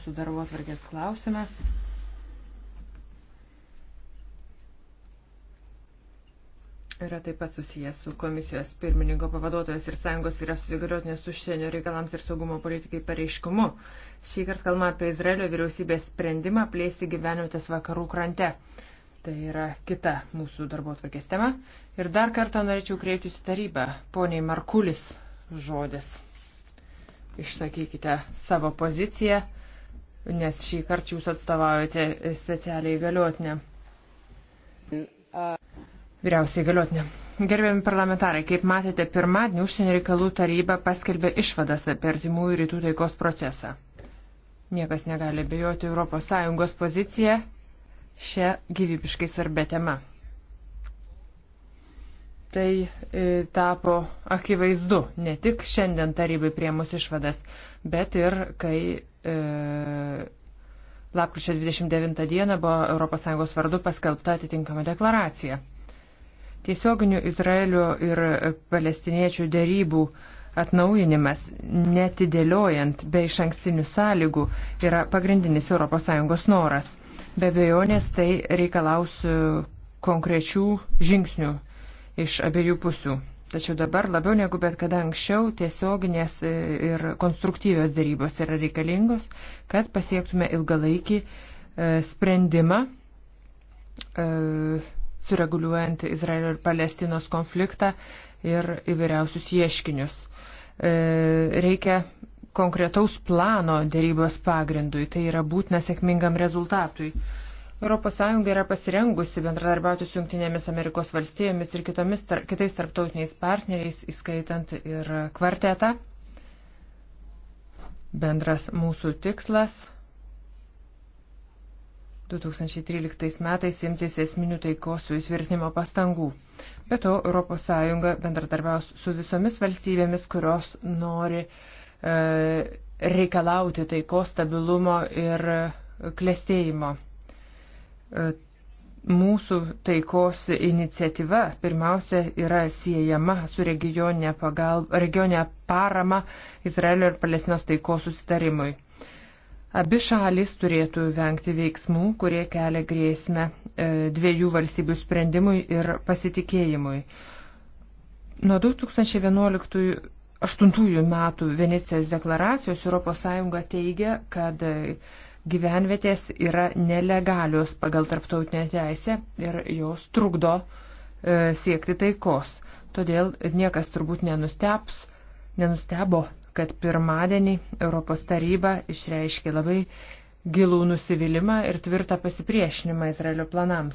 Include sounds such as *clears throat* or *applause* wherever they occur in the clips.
Su darbo atvarkės klausimas. Yra taip pat susijęs su komisijos pirmininko pavaduotojas ir sąjungos yra susigaliotinės užsienio reikalams ir saugumo politikai pareiškumu. Šį kartą kalbama apie Izraelio vyriausybės sprendimą plėsti gyvenvietės vakarų krante. Tai yra kita mūsų darbo atvarkės tema. Ir dar kartą norėčiau kreiptis į tarybą. Poniai Markulis žodis. Išsakykite savo poziciją nes šį kartą jūs atstovaujate specialiai galiotinę. Vyriausiai galiotinė. Gerbiami parlamentarai, kaip matėte, pirmadienį užsienio reikalų taryba paskelbė išvadas apie artimųjų rytų taikos procesą. Niekas negali bejoti ES poziciją šią gyvybiškai svarbę temą. Tai e, tapo akivaizdu ne tik šiandien tarybai priemus išvadas, bet ir kai e, lapkričio 29 dieną buvo ES vardu paskelbta atitinkama deklaracija. Tiesioginių Izraelio ir palestiniečių dėrybų atnaujinimas, netidėliojant be iš anksinių sąlygų, yra pagrindinis ES noras. Be bejonės tai reikalaus konkrečių žingsnių iš abiejų pusių. Tačiau dabar labiau negu bet kada anksčiau tiesioginės e, ir konstruktyvios dėrybos yra reikalingos, kad pasiektume ilgalaikį e, sprendimą e, sureguliuojant Izraelio ir Palestinos konfliktą ir įvairiausius ieškinius. Reikia konkretaus plano dėrybos pagrindui, tai yra būtina sėkmingam rezultatui. ES yra pasirengusi bendradarbiauti su Junktinėmis Amerikos valstijomis ir kitomis, tar, kitais tarptautiniais partneriais, įskaitant ir kvartetą. Bendras mūsų tikslas 2013 metais imtis esminių taikos su įsvirtinimo pastangų. Be to, ES bendradarbiaus su visomis valstybėmis, kurios nori e, reikalauti taikos stabilumo ir klėstėjimo. E, mūsų taikos iniciatyva pirmiausia yra siejama su regioninė, pagalb, regioninė parama Izraelio ir Palestinos taikos susitarimui. Abi šalis turėtų vengti veiksmų, kurie kelia grėsmę e, dviejų valstybių sprendimui ir pasitikėjimui. Nuo 2011-2008 metų Venecijos deklaracijos ES teigia, kad gyvenvietės yra nelegalios pagal tarptautinę teisę ir jos trukdo e, siekti taikos. Todėl niekas turbūt nenusteps, nenustebo, kad pirmadienį Europos taryba išreiškė labai gilų nusivylimą ir tvirtą pasipriešinimą Izraelio planams.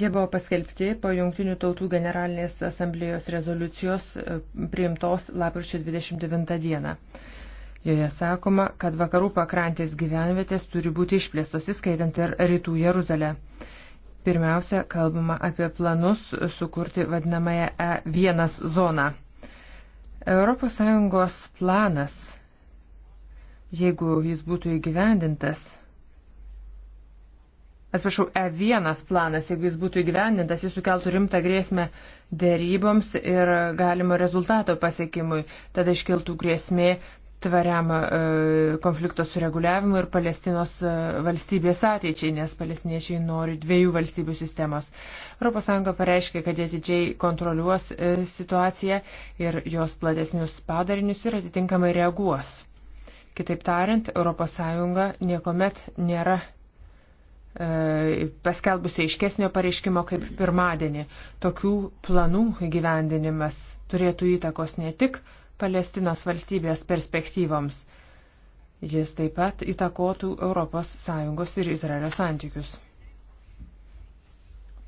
Jie buvo paskelbti po Junktinių tautų generalinės asamblėjos rezoliucijos e, priimtos lapkričio 29 dieną. Joje sakoma, kad vakarų pakrantės gyvenvietės turi būti išplėstos, įskaitant ir rytų Jeruzalę. Pirmiausia, kalbama apie planus sukurti vadinamąją E1 zoną. ES planas, jeigu jis būtų įgyvendintas, atsiprašau, E1 planas, jeigu jis būtų įgyvendintas, jis sukeltų rimtą grėsmę dėryboms ir galimo rezultato pasiekimui. Tada iškiltų grėsmė tvariam e, konflikto sureguliavimui ir Palestinos e, valstybės ateičiai, nes palestiniečiai nori dviejų valstybių sistemos. ES pareiškia, kad jie atidžiai kontroliuos e, situaciją ir jos platesnius padarinius ir atitinkamai reaguos. Kitaip tariant, ES niekuomet nėra paskelbusi aiškesnio pareiškimo kaip pirmadienį. Tokių planų gyvendinimas turėtų įtakos ne tik Palestinos valstybės perspektyvoms. Jis taip pat įtakotų ES ir Izraelio santykius.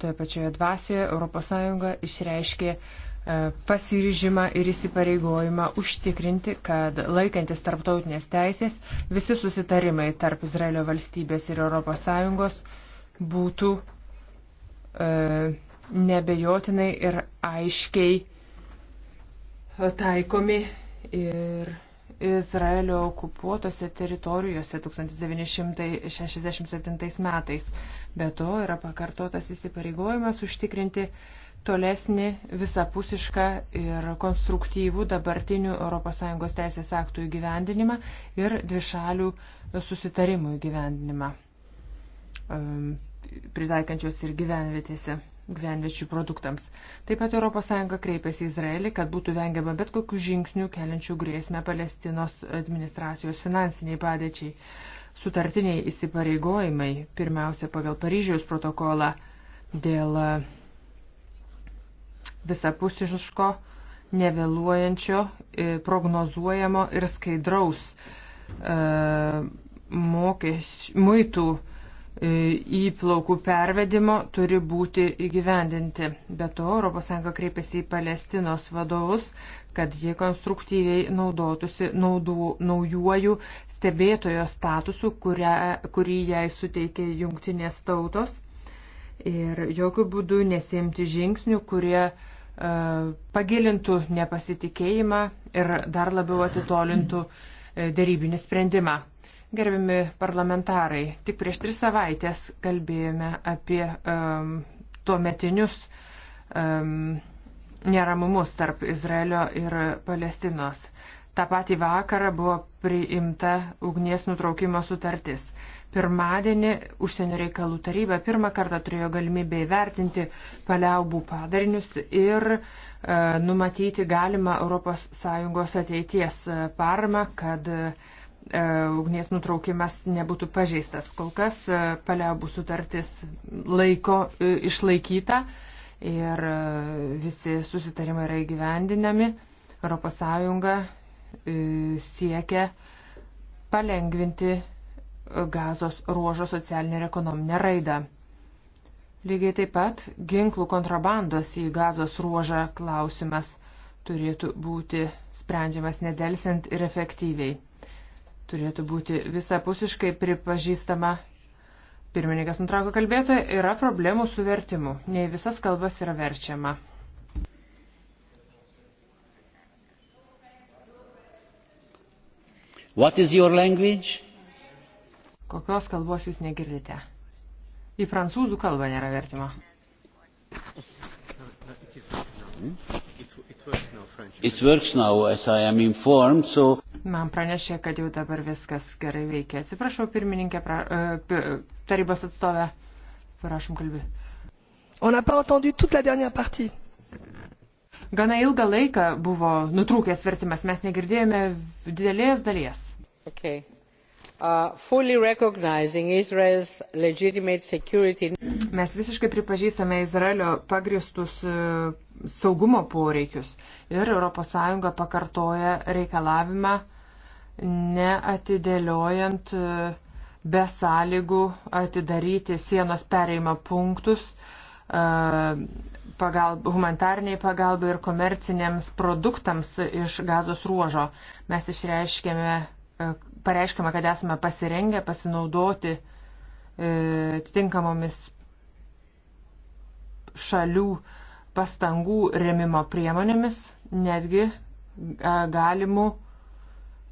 Toje pačioje dvasioje ES išreiškė e, pasiryžimą ir įsipareigojimą užtikrinti, kad laikantis tarptautinės teisės visi susitarimai tarp Izraelio valstybės ir ES būtų e, nebejotinai ir aiškiai taikomi ir Izraelio okupuotose teritorijose 1967 metais. Be to yra pakartotas įsipareigojimas užtikrinti tolesnį visapusišką ir konstruktyvų dabartinių ES teisės aktų įgyvendinimą ir dvišalių susitarimų įgyvendinimą ehm, pritaikančios ir gyvenvietėse gyvenviečių produktams. Taip pat ES kreipėsi į Izraelį, kad būtų vengiama bet kokių žingsnių keliančių grėsmę Palestinos administracijos finansiniai padėčiai. Sutartiniai įsipareigojimai, pirmiausia pagal Paryžiaus protokolą dėl e, visapusiško, nevėluojančio, e, prognozuojamo ir skaidraus e, mokesčių, muitų E, įplaukų pervedimo turi būti įgyvendinti. Be to, ES kreipiasi į Palestinos vadovus, kad jie konstruktyviai naudotųsi naudų, naujuoju stebėtojo statusu, kurią, kurį jai suteikė jungtinės tautos. Ir jokių būdų nesimti žingsnių, kurie uh, pagilintų nepasitikėjimą ir dar labiau atitolintų uh, e, dėrybinį sprendimą. Gerbiami parlamentarai, tik prieš tris savaitės kalbėjome apie um, tuo metinius um, neramumus tarp Izraelio ir Palestinos. Ta pati vakarą buvo priimta ugnies nutraukimo sutartis. Pirmadienį užsienio reikalų taryba pirmą kartą turėjo galimybę įvertinti paliaubų padarinius ir e, numatyti galimą ES ateities e, paramą, kad e, E, ugnies nutraukimas nebūtų pažeistas. Kol kas e, paliaubų sutartis laiko e, išlaikyta ir visi susitarimai yra įgyvendinami. ES siekia palengvinti gazos ruožo socialinę ir ekonominę raidą. Lygiai taip pat ginklų kontrabandos į gazos ruožą klausimas turėtų būti sprendžiamas nedelsiant ir efektyviai turėtų būti visapusiškai pripažįstama. Pirmininkas nutrauko kalbėtoją, yra problemų su vertimu, nei visas kalbas yra verčiama. What is your language? Kokios kalbos jūs negirdite? Į prancūzų kalbą nėra vertimo. It works now, as I am informed, so... Man pranešė, kad jau dabar viskas gerai veikia. Atsiprašau, pirmininkė, pra, e, tarybos atstovė. Prašom kalbį. On n'a pas entendu toute la dernière partie. Gana ilgą laiką buvo nutrūkęs vertimas, mes negirdėjome didelės dalies. Okay fully recognizing Israel's legitimate security. Mes visiškai pripažįstame Izraelio pagristus e, saugumo poreikius ir ES pakartoja reikalavimą neatidėliojant e, be sąlygų atidaryti sienos pereimo punktus e, pagalb, humanitarniai pagalbai ir komerciniams produktams iš gazos ruožo. Mes išreiškėme pareiškime, kad esame pasirengę pasinaudoti e, atitinkamomis šalių pastangų remimo priemonėmis, netgi e, galimų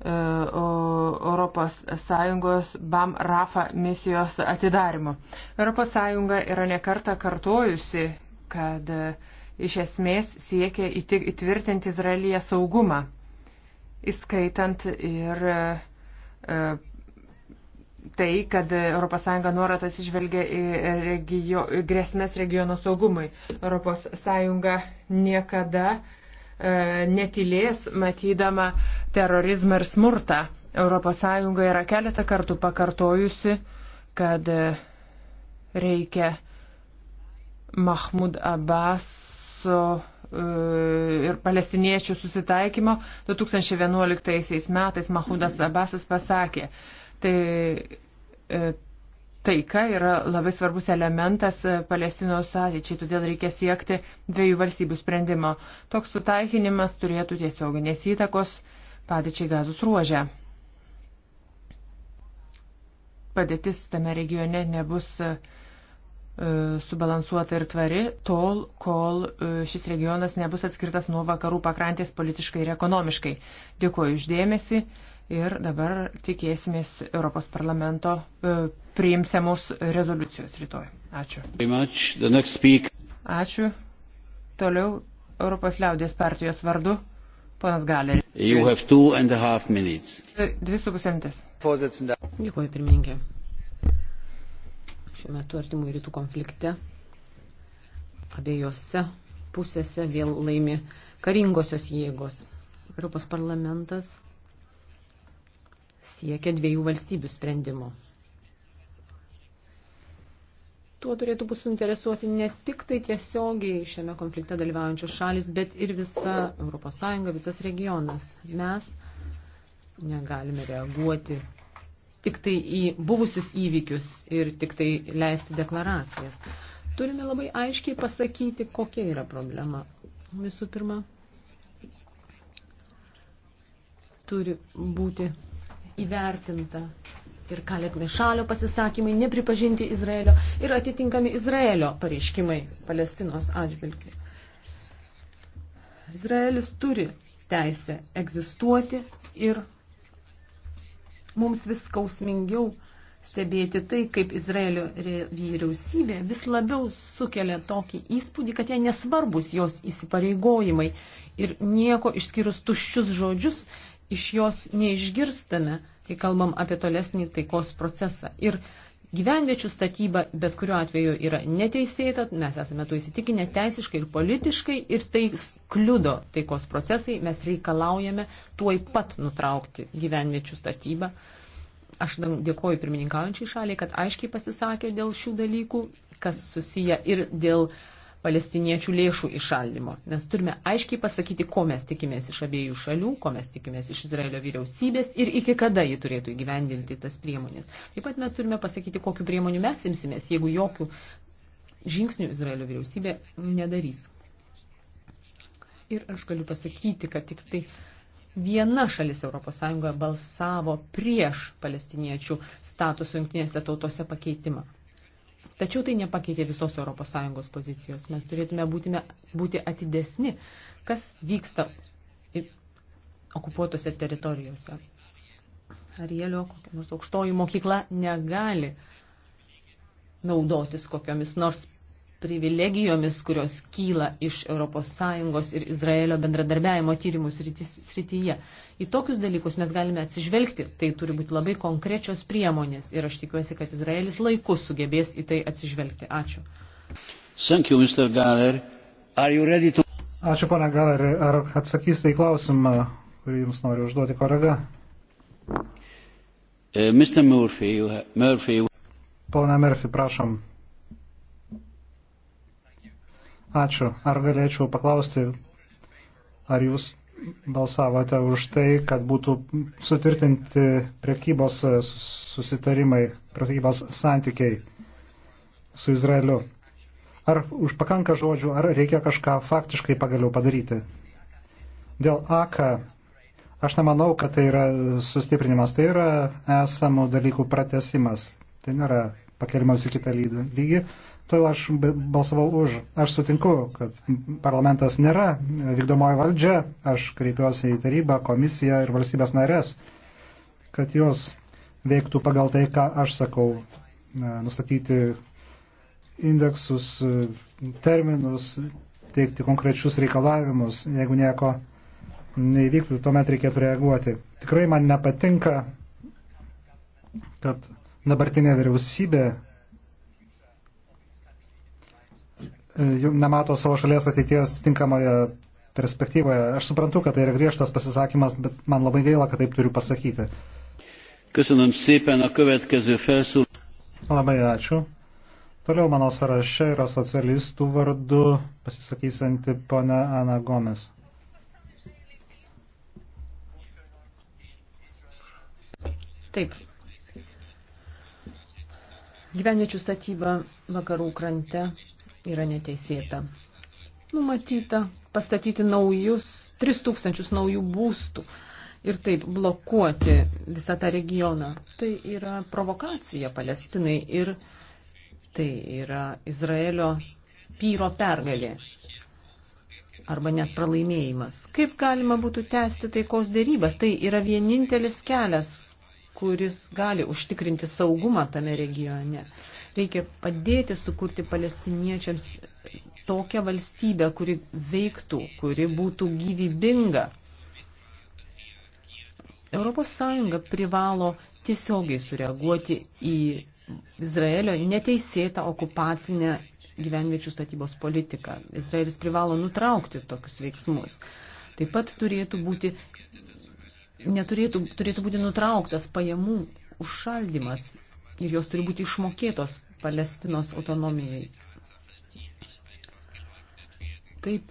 ES BAM RAFA misijos atidarimo. ES yra nekarta kartojusi, kad e, iš esmės siekia įtvirtinti Izraelyje saugumą, įskaitant ir uh, E, tai, kad ES nuorat atsižvelgia į regio, grėsmės regiono saugumui. ES niekada e, netilės matydama terorizmą ir smurtą. ES yra keletą kartų pakartojusi, kad e, reikia Mahmud Abbaso E, ir palestiniečių susitaikymo 2011 metais Mahudas Abbasas pasakė, tai e, taika yra labai svarbus elementas e, Palestinos ateičiai, todėl reikia siekti dviejų valstybių sprendimo. Toks sutaikinimas turėtų tiesioginės įtakos padėčiai gazus ruožę. Padėtis tame regione nebus uh, E, subalansuota ir tvari, tol, kol e, šis regionas nebus atskirtas nuo vakarų pakrantės politiškai ir ekonomiškai. Dėkuoju uždėmesi ir dabar tikėsimės Europos parlamento e, priimsiamos rezoliucijos rytoj. Ačiū. Ačiū. Toliau Europos liaudės partijos vardu. Ponas Galerį. Dvi su pusė mintis. Dėkuoju, pirmininkė šiuo metu artimų rytų konflikte. Abiejose pusėse vėl laimi karingosios jėgos. Europos parlamentas siekia dviejų valstybių sprendimo. Tuo turėtų būti suinteresuoti ne tik tai tiesiogiai šiame konflikte dalyvaujančios šalis, bet ir visa ES, visas regionas. Mes negalime reaguoti tik tai į buvusius įvykius ir tik tai leisti deklaracijas. Turime labai aiškiai pasakyti, kokia yra problema. Visų pirma, turi būti įvertinta ir Kalek Mešalio pasisakymai, nepripažinti Izraelio ir atitinkami Izraelio pareiškimai Palestinos atžvilgiu. Izraelis turi teisę egzistuoti ir Mums vis skausmingiau stebėti tai, kaip Izraelio vyriausybė vis labiau sukelia tokį įspūdį, kad jie nesvarbus jos įsipareigojimai ir nieko išskyrus tuščius žodžius iš jos neišgirstame, kai kalbam apie tolesnį taikos procesą. Ir gyvenviečių statyba bet kuriuo atveju yra neteisėta, mes esame tuo įsitikinę teisiškai ir politiškai ir tai kliudo taikos procesai, mes reikalaujame tuoj pat nutraukti gyvenviečių statybą. Aš dėkoju pirmininkaujančiai šaliai, kad aiškiai pasisakė dėl šių dalykų, kas susiję ir dėl uh, palestiniečių lėšų išaldimo. Mes turime aiškiai pasakyti, ko mes tikimės iš abiejų šalių, ko mes tikimės iš Izraelio vyriausybės ir iki kada ji turėtų įgyvendinti tas priemonės. Taip pat mes turime pasakyti, kokiu priemonių mes imsimės, jeigu jokių žingsnių Izraelio vyriausybė nedarys. Ir aš galiu pasakyti, kad tik tai viena šalis ES balsavo prieš palestiniečių statuso jungtinėse tautose pakeitimą. Tačiau tai nepakeitė visos ES pozicijos. Mes turėtume būtime, būti atidesni, kas vyksta okupuotose teritorijose. Arielio kokia nors aukštoji mokykla negali naudotis kokiomis nors privilegijomis, kurios kyla iš ES ir Izraelio bendradarbiajimo tyrimų srityje. Į tokius dalykus mes galime atsižvelgti, tai turi būti labai konkrečios priemonės ir aš tikiuosi, kad Izraelis laiku sugebės į tai atsižvelgti. Ačiū. Thank you, Mr. Galler. Are you ready to... Ačiū, pana Galerį. Ar atsakysite į klausimą, kurį jums noriu užduoti kolega? Uh, eh, Mr. Murphy, you have, Murphy. Pana Murphy, prašom. Ačiū. Ar galėčiau paklausti, ar jūs balsavote už tai, kad būtų sutvirtinti prekybos susitarimai, prekybos santykiai su Izraeliu? Ar už pakanka žodžių, ar reikia kažką faktiškai pagaliau padaryti? Dėl AKA aš nemanau, kad tai yra sustiprinimas, tai yra esamų dalykų pratesimas. Tai nėra pakelimas į kitą lygį. Todėl aš balsavau už. Aš sutinku, kad parlamentas nėra vykdomoji valdžia. Aš kreipiuosi į tarybą, komisiją ir valstybės narės, kad jos veiktų pagal tai, ką aš sakau, nustatyti indeksus, terminus, teikti konkrečius reikalavimus. Jeigu nieko neįvyktų, tuomet reikėtų reaguoti. Tikrai man nepatinka, kad dabartinė vyriausybė E, nemato savo šalies ateities tinkamoje perspektyvoje. Aš suprantu, kad tai yra griežtas pasisakymas, bet man labai gaila, kad taip turiu pasakyti. Köszönöm szépen a következő felszól. Labai ačiū. Toliau mano sąraše yra socialistų vardu pasisakysanti pana Ana Gomes. Taip. Gyvenviečių statyba vakarų krante yra neteisėta. Numatyta pastatyti naujus, 3000 naujų būstų ir taip blokuoti visą tą regioną. Tai yra provokacija Palestinai ir tai yra Izraelio pyro pergalė arba net pralaimėjimas. Kaip galima būtų tęsti taikos dėrybas? Tai yra vienintelis kelias, kuris gali užtikrinti saugumą tame regione. Reikia padėti sukurti palestiniečiams tokią valstybę, kuri veiktų, kuri būtų gyvybinga. ES privalo tiesiogiai sureaguoti į Izraelio neteisėtą okupacinę gyvenviečių statybos politiką. Izraelis privalo nutraukti tokius veiksmus. Taip pat turėtų būti, neturėtų, turėtų būti nutrauktas pajamų užšaldimas ir jos turi būti išmokėtos Palestinos autonomijai. Taip,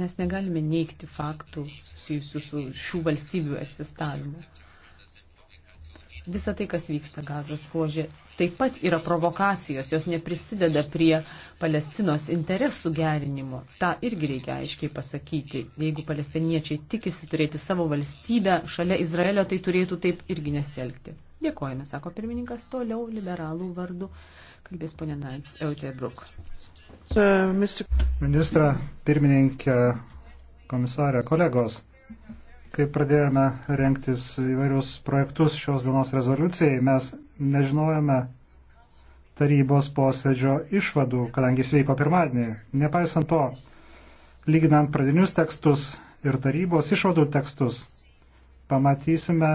mes negalime neikti faktų susijusių su šių valstybių egzistavimu. Visa tai, kas vyksta gazos ruožė, taip pat yra provokacijos, jos neprisideda prie Palestinos interesų gerinimo. Ta irgi reikia aiškiai pasakyti. Jeigu palestiniečiai tikisi turėti savo valstybę šalia Izraelio, tai turėtų taip irgi nesielgti. Dėkojame, sako pirmininkas, toliau liberalų vardu kalbės ponė Nats Eutebruk. Uh, Ministra, pirmininkė, komisarė, kolegos, kai pradėjome renktis įvairius projektus šios dienos rezoliucijai, mes nežinojame tarybos posėdžio išvadų, kadangi jis vyko pirmadienį. Nepaisant to, lyginant pradinius tekstus ir tarybos išvadų tekstus, pamatysime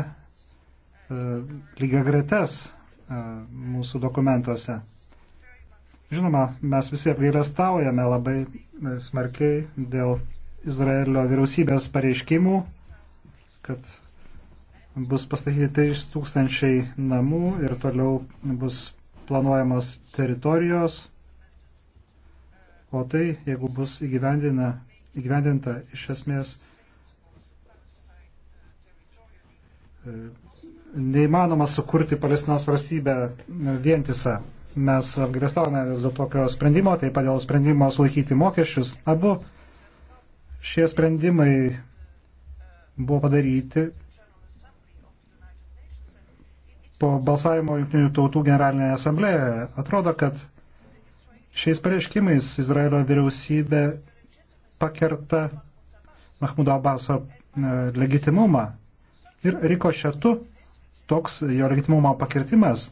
E, lygia gretes e, mūsų dokumentuose. Žinoma, mes visi apgailestaujame labai e, smarkiai dėl Izraelio vyriausybės pareiškimų, kad bus pastatyti 3 tūkstančiai namų ir toliau bus planuojamos teritorijos, o tai, jeigu bus įgyvendinta, iš esmės neįmanoma sukurti Palestinos valstybę e, vientisą. Mes apgrėstavome dėl tokio sprendimo, taip pat dėl sprendimo sulaikyti mokesčius. Abu šie sprendimai buvo padaryti po balsavimo Junktinių tautų generalinėje asamblėje. Atrodo, kad šiais pareiškimais Izraelio vyriausybė pakerta Mahmudo Abaso e, legitimumą ir rikošetu toks jo legitimumo pakirtimas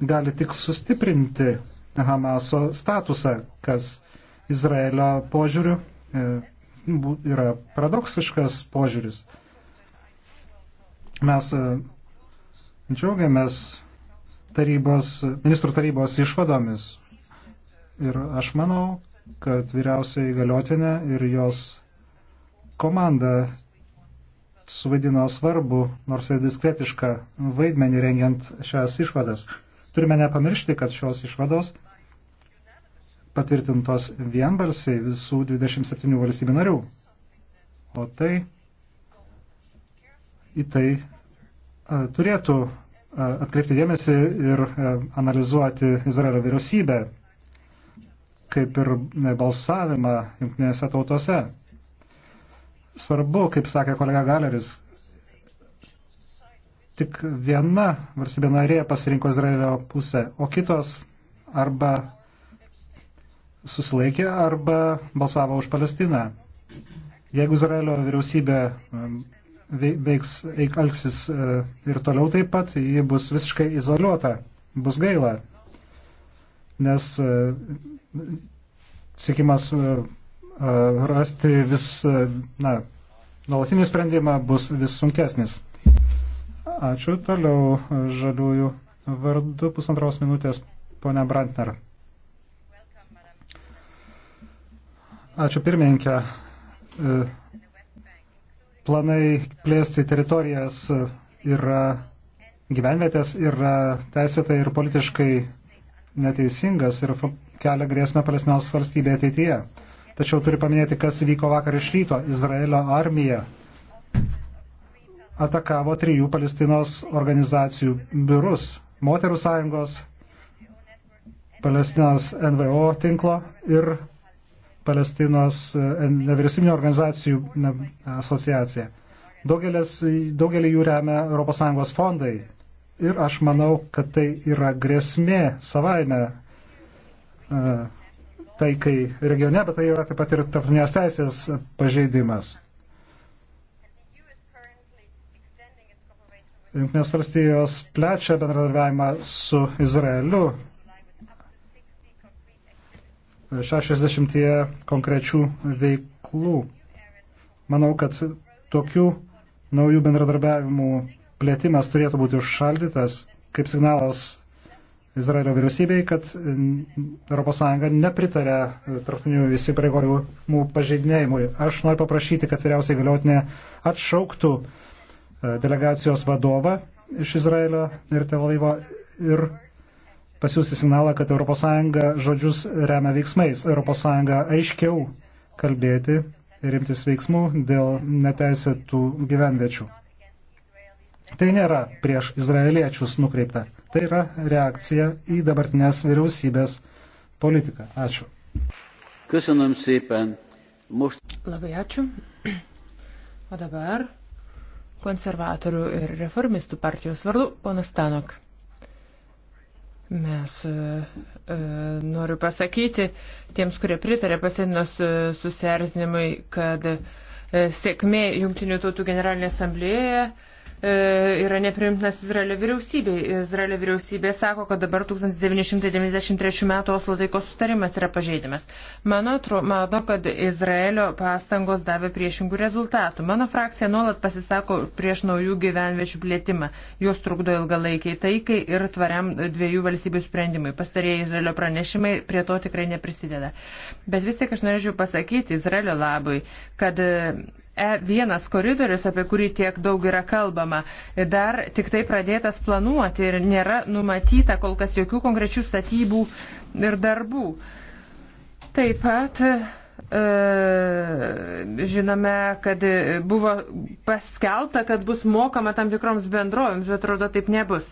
gali tik sustiprinti Hamaso statusą, kas Izraelio požiūriu e, yra paradoksiškas požiūris. Mes e, džiaugiamės tarybos, ministrų tarybos išvadomis ir aš manau, kad vyriausiai galiotinė ir jos komanda suvaidino svarbu, nors ir diskretišką vaidmenį rengiant šias išvadas. Turime nepamiršti, kad šios išvados patvirtintos vienbalsiai visų 27 valstybių narių. O tai į tai a, turėtų a, atkreipti dėmesį ir a, analizuoti Izraelio vyriausybę, kaip ir balsavimą jungtinėse tautose. Svarbu, kaip sakė kolega Galeris, tik viena valstybė narė pasirinko Izraelio pusę, o kitos arba susilaikė arba balsavo už Palestiną. Jeigu Izraelio vyriausybė um, veiks, elgsis uh, ir toliau taip pat, ji bus visiškai izoliuota. Bus gaila, nes uh, sikimas uh, rasti vis, na, nuolatinį sprendimą bus vis sunkesnis. Ačiū. Toliau žaliųjų vardu pusantros minutės ponia Brantner. Ačiū pirmininkė. E, planai plėsti teritorijas yra gyvenvietės yra teisėtai ir politiškai neteisingas ir kelia grėsmę Palestinos valstybė ateityje. Tačiau turiu paminėti, kas vyko vakar iš ryto. Izraelio armija atakavo trijų Palestinos organizacijų biurus - Moterų sąjungos, Palestinos NVO tinklo ir Palestinos e, nevyriausybinio organizacijų asociacija. Daugelis, daugelį jų remia ES fondai. Ir aš manau, kad tai yra grėsmė savaime e, taikai regione, bet tai yra taip pat ir tarptautinės teisės pažeidimas. Junktinės valstijos plečia bendradarbiavimą su Izraeliu 60 konkrečių veiklų. Manau, kad tokių naujų bendradarbiavimų plėtimas turėtų būti užšaldytas kaip signalas Izraelio vyriausybei, kad ES nepritarė e, tarptautinių įsipareigojimų pažeidinėjimui. Aš noriu paprašyti, kad vyriausiai galiotinė atšauktų e, delegacijos vadovą iš Izraelio ir Tevalaivo ir pasiūsti signalą, kad ES žodžius remia veiksmais. ES aiškiau kalbėti ir imtis veiksmų dėl neteisėtų gyvenviečių. Tai nėra prieš izraeliečius nukreipta. Tai yra reakcija į dabartinės vyriausybės politiką. Ačiū. Köszönöm szépen. Most... Labai ačiū. O dabar konservatorių ir reformistų partijos vardu ponas Tanok. Mes e, e, noriu pasakyti tiems, kurie pritarė pasienos e, susierzinimui, kad e, sėkmė Junktinių tautų generalinė asamblėje e, E, yra neprimtinas Izraelio vyriausybė. Izraelio vyriausybė sako, kad dabar 1993 m. Oslo taikos sustarimas yra pažeidimas. Mano atrodo, kad Izraelio pastangos davė priešingų rezultatų. Mano frakcija nuolat pasisako prieš naujų gyvenviečių plėtimą. Jos trukdo ilgalaikiai taikai ir tvariam dviejų valstybių sprendimui. Pastarėjai Izraelio pranešimai prie to tikrai neprisideda. Bet vis tik aš norėčiau pasakyti Izraelio labui, kad E1 koridorius, apie kurį tiek daug yra kalbama, dar tik tai pradėtas planuoti ir nėra numatyta kol kas jokių konkrečių statybų ir darbų. Taip pat E, žinome, kad buvo paskelta, kad bus mokama tam tikroms bendrovėms, bet atrodo taip nebus.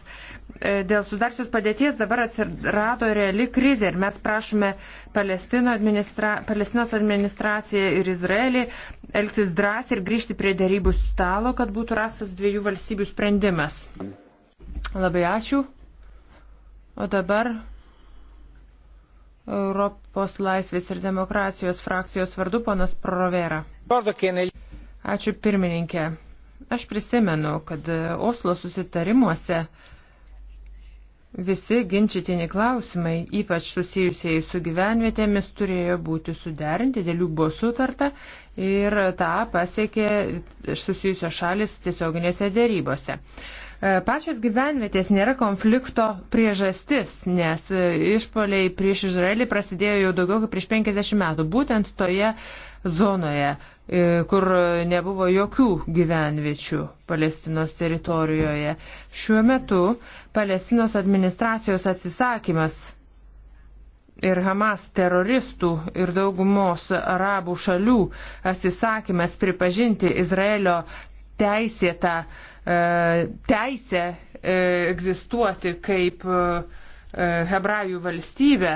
E, dėl sudarsios padėties dabar atsirado reali krizė ir mes prašome Palestino administra Palestinos administraciją ir Izraelį elgtis drąsiai ir grįžti prie dėrybų stalo, kad būtų rastas dviejų valstybių sprendimas. Labai ačiū. O dabar Europos laisvės ir demokratijos frakcijos vardu ponas Provera. Ačiū pirmininkė. Aš prisimenu, kad e, Oslo susitarimuose visi ginčytini klausimai, ypač susijusiai su gyvenvietėmis, turėjo būti suderinti, dėl jų buvo sutarta ir tą pasiekė susijusios šalis tiesioginėse dėrybose. E, pačios gyvenvietės nėra konflikto priežastis, nes e, išpoliai prieš Izraelį prasidėjo jau daugiau kaip prieš 50 metų, būtent toje zonoje, e, kur nebuvo jokių gyvenviečių Palestinos teritorijoje. Šiuo metu Palestinos administracijos atsisakymas ir Hamas teroristų ir daugumos arabų šalių atsisakymas pripažinti Izraelio teisėtą uh, E, teisę e, egzistuoti kaip e, hebrajų valstybė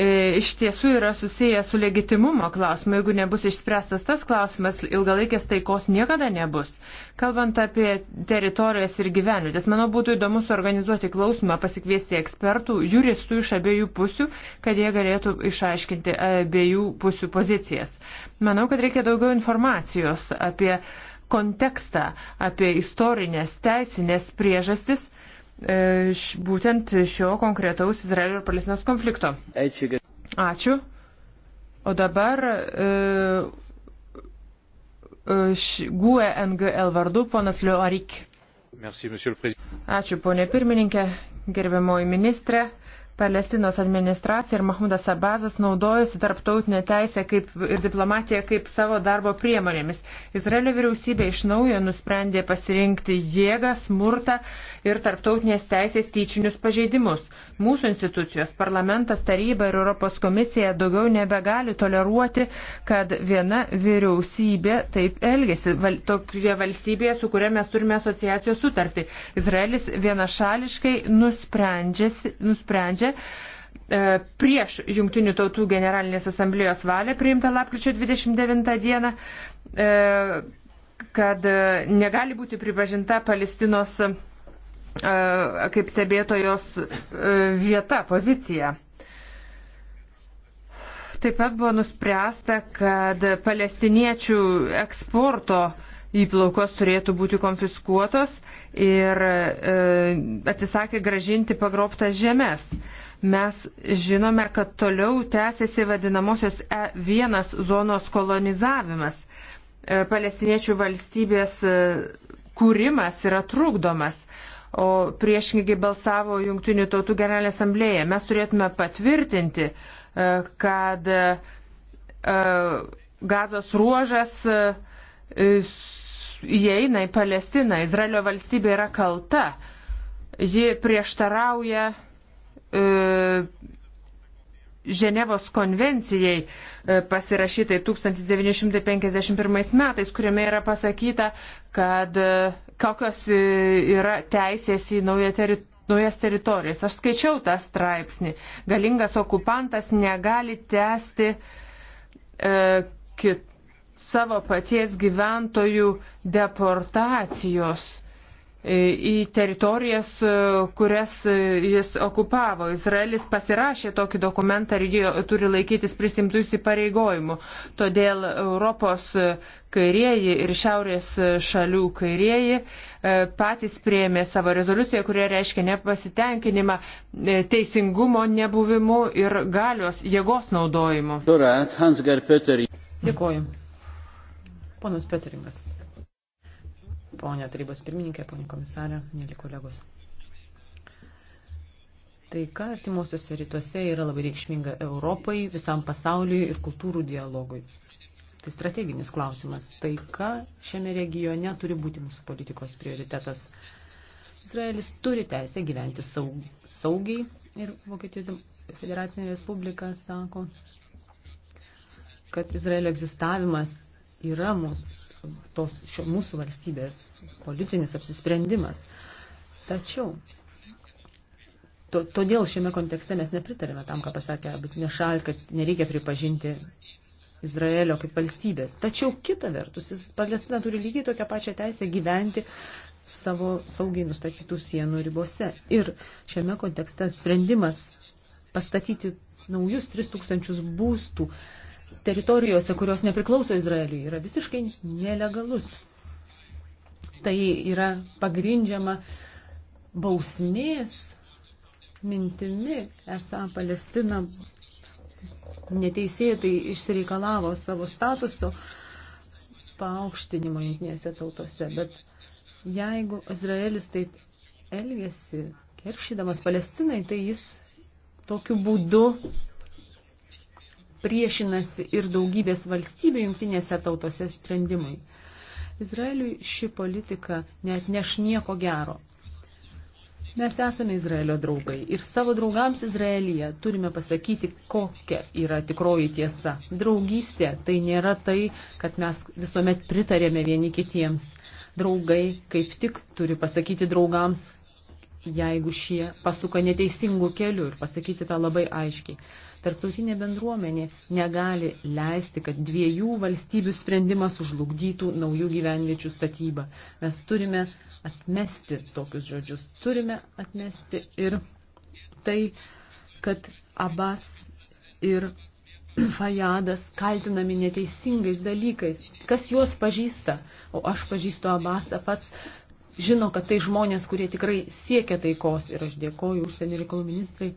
iš tiesų yra susijęs su legitimumo klausimu. Jeigu nebus išspręstas tas klausimas, ilgalaikės taikos niekada nebus. Kalbant apie teritorijas ir gyvenvietės, manau būtų įdomu suorganizuoti klausimą, pasikviesti ekspertų, juristų iš abiejų pusių, kad jie galėtų išaiškinti abiejų pusių pozicijas. Manau, kad reikia daugiau informacijos apie uh, kontekstą, apie istorinės, teisinės priežastis e, būtent šio konkretaus Izraelio ir Palestinos konflikto. Ačiū. O dabar e, e, GUE NGL vardu ponas Lioarik. Ačiū, ponė pirmininkė, gerbiamoji ministrė. Palestinos administracija ir Mahmudas Abazas naudojasi tarptautinę teisę kaip, ir diplomatiją kaip savo darbo priemonėmis. Izraelio vyriausybė iš naujo nusprendė pasirinkti jėgą, smurtą ir tarptautinės teisės tyčinius pažeidimus. Mūsų institucijos, parlamentas, taryba ir Europos komisija daugiau nebegali toleruoti, kad viena vyriausybė taip elgesi. Val, tokia valstybė, su kuria mes turime asociacijos sutartį. Izraelis vienašališkai nusprendžia, nusprendžia prieš Junktinių tautų generalinės asamblėjos valią priimtą lapkričio 29 dieną, e, kad e, negali būti pripažinta Palestinos E, kaip stebėtojos e, vieta, pozicija. Taip pat buvo nuspręsta, kad palestiniečių eksporto įplaukos turėtų būti konfiskuotos ir e, atsisakė gražinti pagrobtas žemės. Mes žinome, kad toliau tęsiasi vadinamosios E1 zonos kolonizavimas. E, palestiniečių valstybės e, kūrimas yra trukdomas o priešingai balsavo Junktinių tautų generalinė asamblėja. Mes turėtume patvirtinti, e, kad e, gazos ruožas e, įeina į Palestiną. Izraelio valstybė yra kalta. Ji prieštarauja Ženevos konvencijai e, pasirašytai 1951 metais, kuriame yra pasakyta, kad e, kokios e, yra teisės į naują teritoriją naujas teritorijas. Aš skaičiau tą straipsnį. Galingas okupantas negali tęsti e, kit, savo paties gyventojų deportacijos. E, į teritorijas, e, kurias e, jis okupavo. Izraelis pasirašė tokį dokumentą ir jį turi laikytis prisimtų įsipareigojimų. Todėl Europos kairieji ir šiaurės šalių kairieji e, patys prieėmė savo rezoliuciją, kurie reiškia nepasitenkinimą teisingumo nebuvimu ir galios jėgos naudojimu. Dėkuoju. Ponas Peteringas. Pone tarybos pirmininkė, pone komisarė, mėly kolegos. Taika artimuosiuose rytuose yra labai reikšminga Europai, visam pasauliui ir kultūrų dialogui. Tai strateginis klausimas. Taika šiame regione turi būti mūsų politikos prioritetas. Izraelis turi teisę gyventi saug, saugiai ir Vokietijos federacinė respublika sako, kad Izraelio egzistavimas yra mūsų tos šio, mūsų valstybės politinis apsisprendimas. Tačiau to, todėl šiame kontekste mes nepritarėme tam, ką pasakė Abitinė šal, kad nereikia pripažinti Izraelio kaip valstybės. Tačiau kita vertus, Palestina turi lygiai tokią pačią teisę gyventi savo saugiai nustatytų sienų ribose. Ir šiame kontekste sprendimas pastatyti naujus 3000 būstų teritorijose, kurios nepriklauso Izraeliui, yra visiškai nelegalus. Tai yra pagrindžiama bausmės mintimi, esą Palestina neteisėtai išsireikalavo savo statuso paaukštinimo jungtinėse tautose. Bet jeigu Izraelis taip elgesi, keršydamas Palestinai, tai jis tokiu būdu priešinasi ir daugybės valstybių jungtinėse tautose sprendimui. Izraeliui ši politika net neš nieko gero. Mes esame Izraelio draugai ir savo draugams Izraelyje turime pasakyti, kokia yra tikroji tiesa. Draugystė tai nėra tai, kad mes visuomet pritarėme vieni kitiems. Draugai kaip tik turi pasakyti draugams, jeigu šie pasuka neteisingų kelių ir pasakyti tą labai aiškiai. Tarptautinė bendruomenė negali leisti, kad dviejų valstybių sprendimas užlugdytų naujų gyvenviečių statybą. Mes turime atmesti tokius žodžius, turime atmesti ir tai, kad Abbas ir *clears throat* Fajadas kaltinami neteisingais dalykais. Kas juos pažįsta? O aš pažįstu Abasą pats žino, kad tai žmonės, kurie tikrai siekia taikos. Ir aš dėkoju užsienio reikalų ministrai,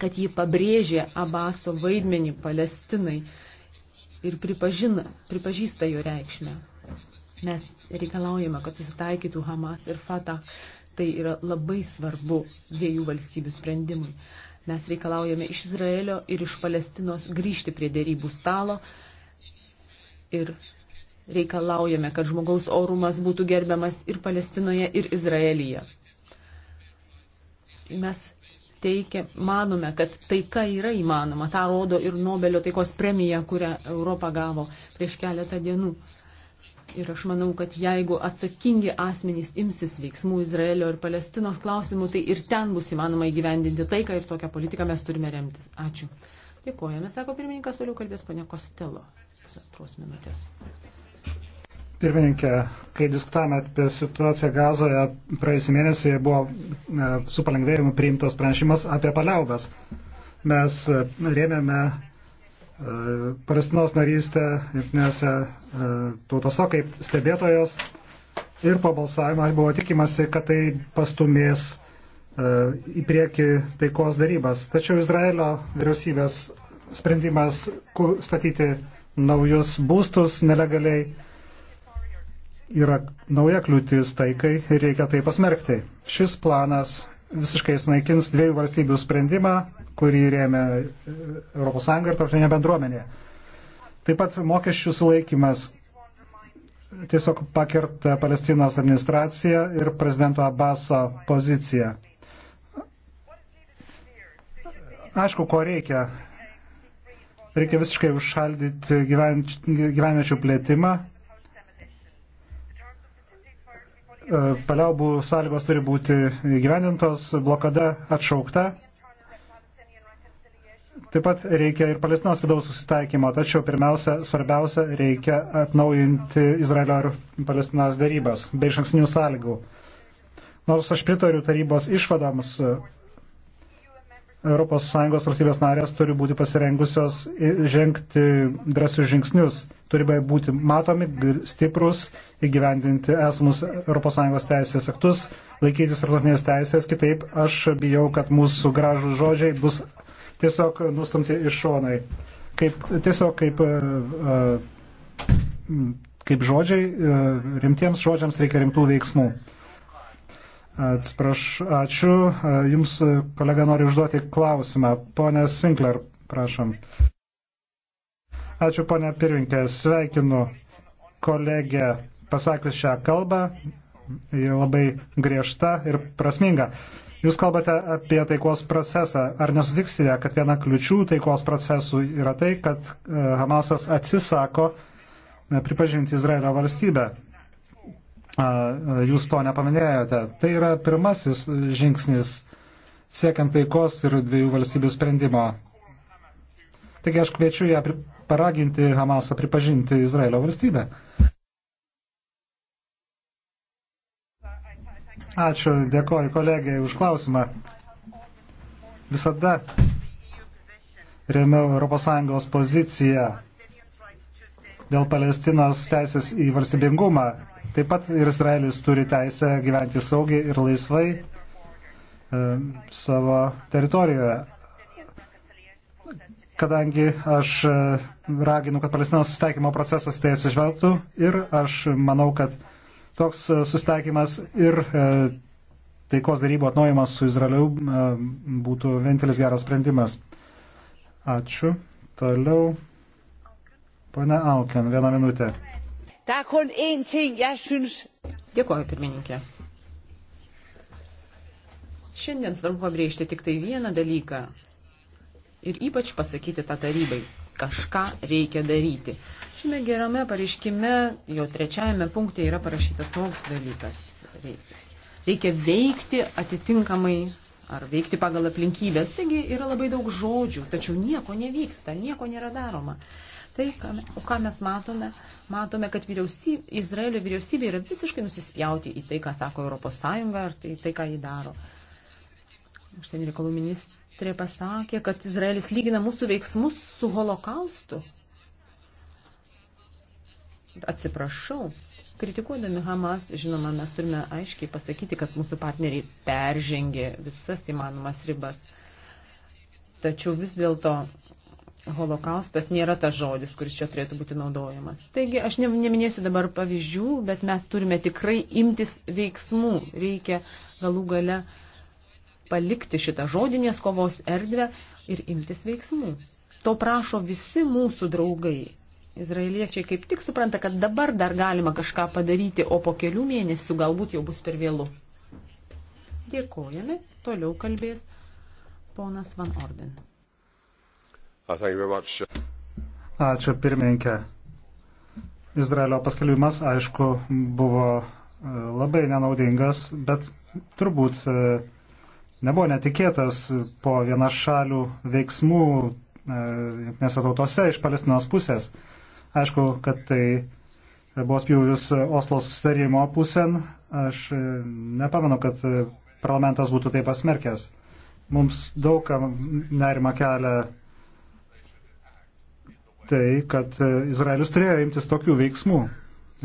kad jį pabrėžė Abaso vaidmenį Palestinai ir pripažina, pripažįsta jo reikšmę. Mes reikalaujame, kad susitaikytų Hamas ir Fatah. Tai yra labai svarbu dviejų valstybių sprendimui. Mes reikalaujame iš Izraelio ir iš Palestinos grįžti prie dėrybų stalo ir reikalaujame, kad žmogaus orumas būtų gerbiamas ir Palestinoje, ir Izraelyje. Mes teikia, manome, kad taika yra įmanoma. Ta rodo ir Nobelio taikos premija, kurią Europą gavo prieš keletą dienų. Ir aš manau, kad jeigu atsakingi asmenys imsis veiksmų Izraelio ir Palestinos klausimų, tai ir ten bus įmanoma įgyvendinti taiką ir tokią politiką mes turime remtis. Ačiū. Dėkojame, sako pirmininkas, toliau kalbės ponia Kostelo. Pusantros minutės pirmininkė, kai diskutavome apie situaciją Gazoje, praėjusį mėnesį buvo e, su palengvėjimu priimtas pranešimas apie paliaubas. Mes e, rėmėme e, Palestinos narystę jungtinėse tautose kaip stebėtojos ir po balsavimo buvo tikimasi, kad tai pastumės į priekį taikos darybas. Tačiau Izraelio vyriausybės sprendimas statyti naujus būstus nelegaliai yra nauja kliūtis taikai ir reikia tai pasmerkti. Šis planas visiškai sunaikins dviejų valstybių sprendimą, kurį rėmė ES ir tarptautinė bendruomenė. Taip pat mokesčių sulaikimas tiesiog pakerta Palestinos administraciją ir prezidento Abaso poziciją. Aišku, ko reikia. Reikia visiškai užšaldyti gyvenviečių plėtimą E, paliaubų sąlygos turi būti gyvendintos, blokada atšaukta. Taip pat reikia ir Palestinos vidaus susitaikymo, tačiau pirmiausia, svarbiausia, reikia atnaujinti Izraelio ir Palestinos darybas bei šanksnių sąlygų. Nors aš pritariu tarybos išvadams, ES valstybės narės turi būti pasirengusios žengti drąsius žingsnius. Turime būti matomi, stiprus, įgyvendinti esamus ES teisės aktus, laikytis tarptautinės teisės, kitaip aš bijau, kad mūsų gražų žodžiai bus tiesiog nustamti iš šonai. Kaip, tiesiog kaip, e, e, kaip žodžiai, e, rimtiems žodžiams reikia rimtų veiksmų. Atsipraš, ačiū. Jums kolega nori užduoti klausimą. Pone Sinkler, prašom. Ačiū, ponė pirminkė. Sveikinu kolegę pasakius šią kalbą. Ji labai griežta ir prasminga. Jūs kalbate apie taikos procesą. Ar nesutiksite, kad viena kliučių taikos procesų yra tai, kad e, Hamasas atsisako e, pripažinti Izraelio valstybę? jūs to nepaminėjote. Tai yra pirmasis žingsnis siekiant taikos ir dviejų valstybių sprendimo. Taigi aš kviečiu ją paraginti Hamasą pripažinti Izraelio valstybę. Ačiū, dėkoju kolegijai už klausimą. Visada remiau ES poziciją dėl Palestinos teisės į valstybingumą Taip pat ir Izraelis turi teisę gyventi saugiai ir laisvai e, savo teritorijoje. Kadangi aš e, raginu, kad Palestinos susitaikymo procesas tai atsižvelgtų ir aš manau, kad toks e, susitaikymas ir e, taikos darybų atnaujimas su Izraeliu e, būtų vienintelis geras sprendimas. Ačiū. Toliau. Pone Auken, vieną minutę. Er Dėkoju, pirmininkė. Šiandien svarbu pabrėžti tik tai vieną dalyką ir ypač pasakyti tą tarybai. Kažką reikia daryti. Šiame gerame pareiškime, jo trečiajame punkte yra parašyta toks dalykas. Reikia, reikia veikti atitinkamai ar veikti pagal aplinkybės. Taigi yra labai daug žodžių, tačiau nieko nevyksta, nieko nėra daroma. Tai, o ką mes matome? Matome, kad vyriausybė, Izraelio vyriausybė yra visiškai nusispjauti į tai, ką sako ES ar tai, tai ką jį daro. Užsienio reikalų ministrė pasakė, kad Izraelis lygina mūsų veiksmus su holokaustu atsiprašau, kritikuodami Hamas, žinoma, mes turime aiškiai pasakyti, kad mūsų partneriai peržengė visas įmanomas ribas. Tačiau vis dėlto holokaustas nėra tas žodis, kuris čia turėtų būti naudojamas. Taigi aš ne, neminėsiu dabar pavyzdžių, bet mes turime tikrai imtis veiksmų. Reikia galų gale palikti šitą žodinės kovos erdvę ir imtis veiksmų. To prašo visi mūsų draugai. Izraeliečiai kaip tik supranta, kad dabar dar galima kažką padaryti, o po kelių mėnesių galbūt jau bus per vėlų. Dėkojame. Toliau kalbės ponas Van Orden. Uh, Ačiū pirmininkė. Izraelio paskelbimas, aišku, buvo uh, labai nenaudingas, bet turbūt uh, nebuvo netikėtas po vienašalių veiksmų jungtinėse tautose iš Palestinos pusės. Aišku, kad tai buvo spjūvis Oslo susitarimo pusėn. Aš e, nepamenu, kad parlamentas būtų tai pasmerkęs. Mums daug nerima kelia tai, kad Izraelis turėjo imtis tokių veiksmų.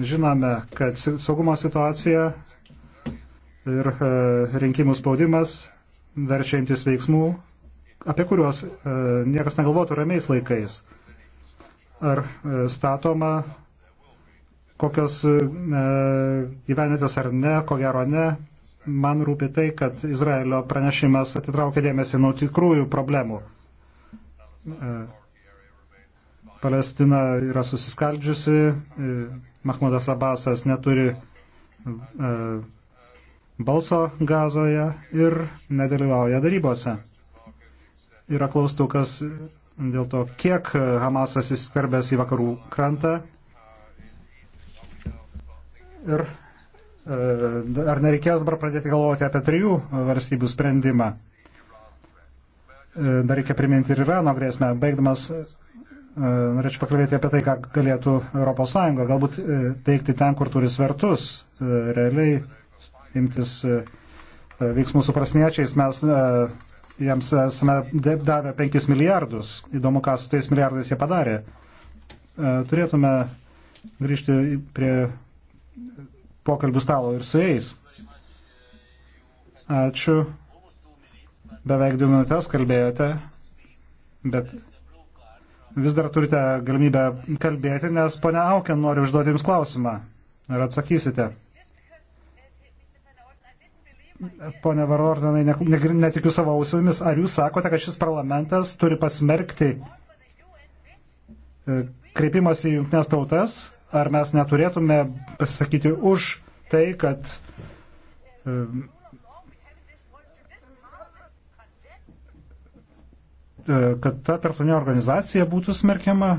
Žinome, kad saugumo situacija ir e, rinkimų spaudimas verčia imtis veiksmų, apie kuriuos e, niekas negalvotų ramiais laikais ar e, statoma, kokios e, gyvenvietės ar ne, ko gero ne. Man rūpi tai, kad Izraelio pranešimas atitraukia dėmesį nuo tikrųjų problemų. E, Palestina yra susiskaldžiusi, Mahmudas Abbasas neturi balso gazoje ir nedalyvauja darybose. Yra klaustukas dėl to, kiek Hamasas įskarbęs į vakarų krantą ir e, ar nereikės dabar pradėti galvoti apie trijų valstybių sprendimą. E, dar reikia priminti ir Irano grėsmę. Baigdamas, e, norėčiau pakalbėti apie tai, ką galėtų ES galbūt teikti ten, kur turi svertus, realiai imtis veiksmų su prasniečiais. Mes jiems e, esame davę 5 milijardus. Įdomu, ką su tais milijardais jie padarė. E, turėtume grįžti prie pokalbių stalo ir su jais. Ačiū. Beveik dvi minutės kalbėjote, bet vis dar turite galimybę kalbėti, nes ponia Aukin nori užduoti Jums klausimą. Ar atsakysite? Pone Varordanai, netikiu savo ausimis, ar jūs sakote, kad šis parlamentas turi pasmerkti e, kreipimas į jungtinės tautas, ar mes neturėtume pasisakyti už tai, kad e, e, kad ta tarptautinė organizacija būtų smerkiama.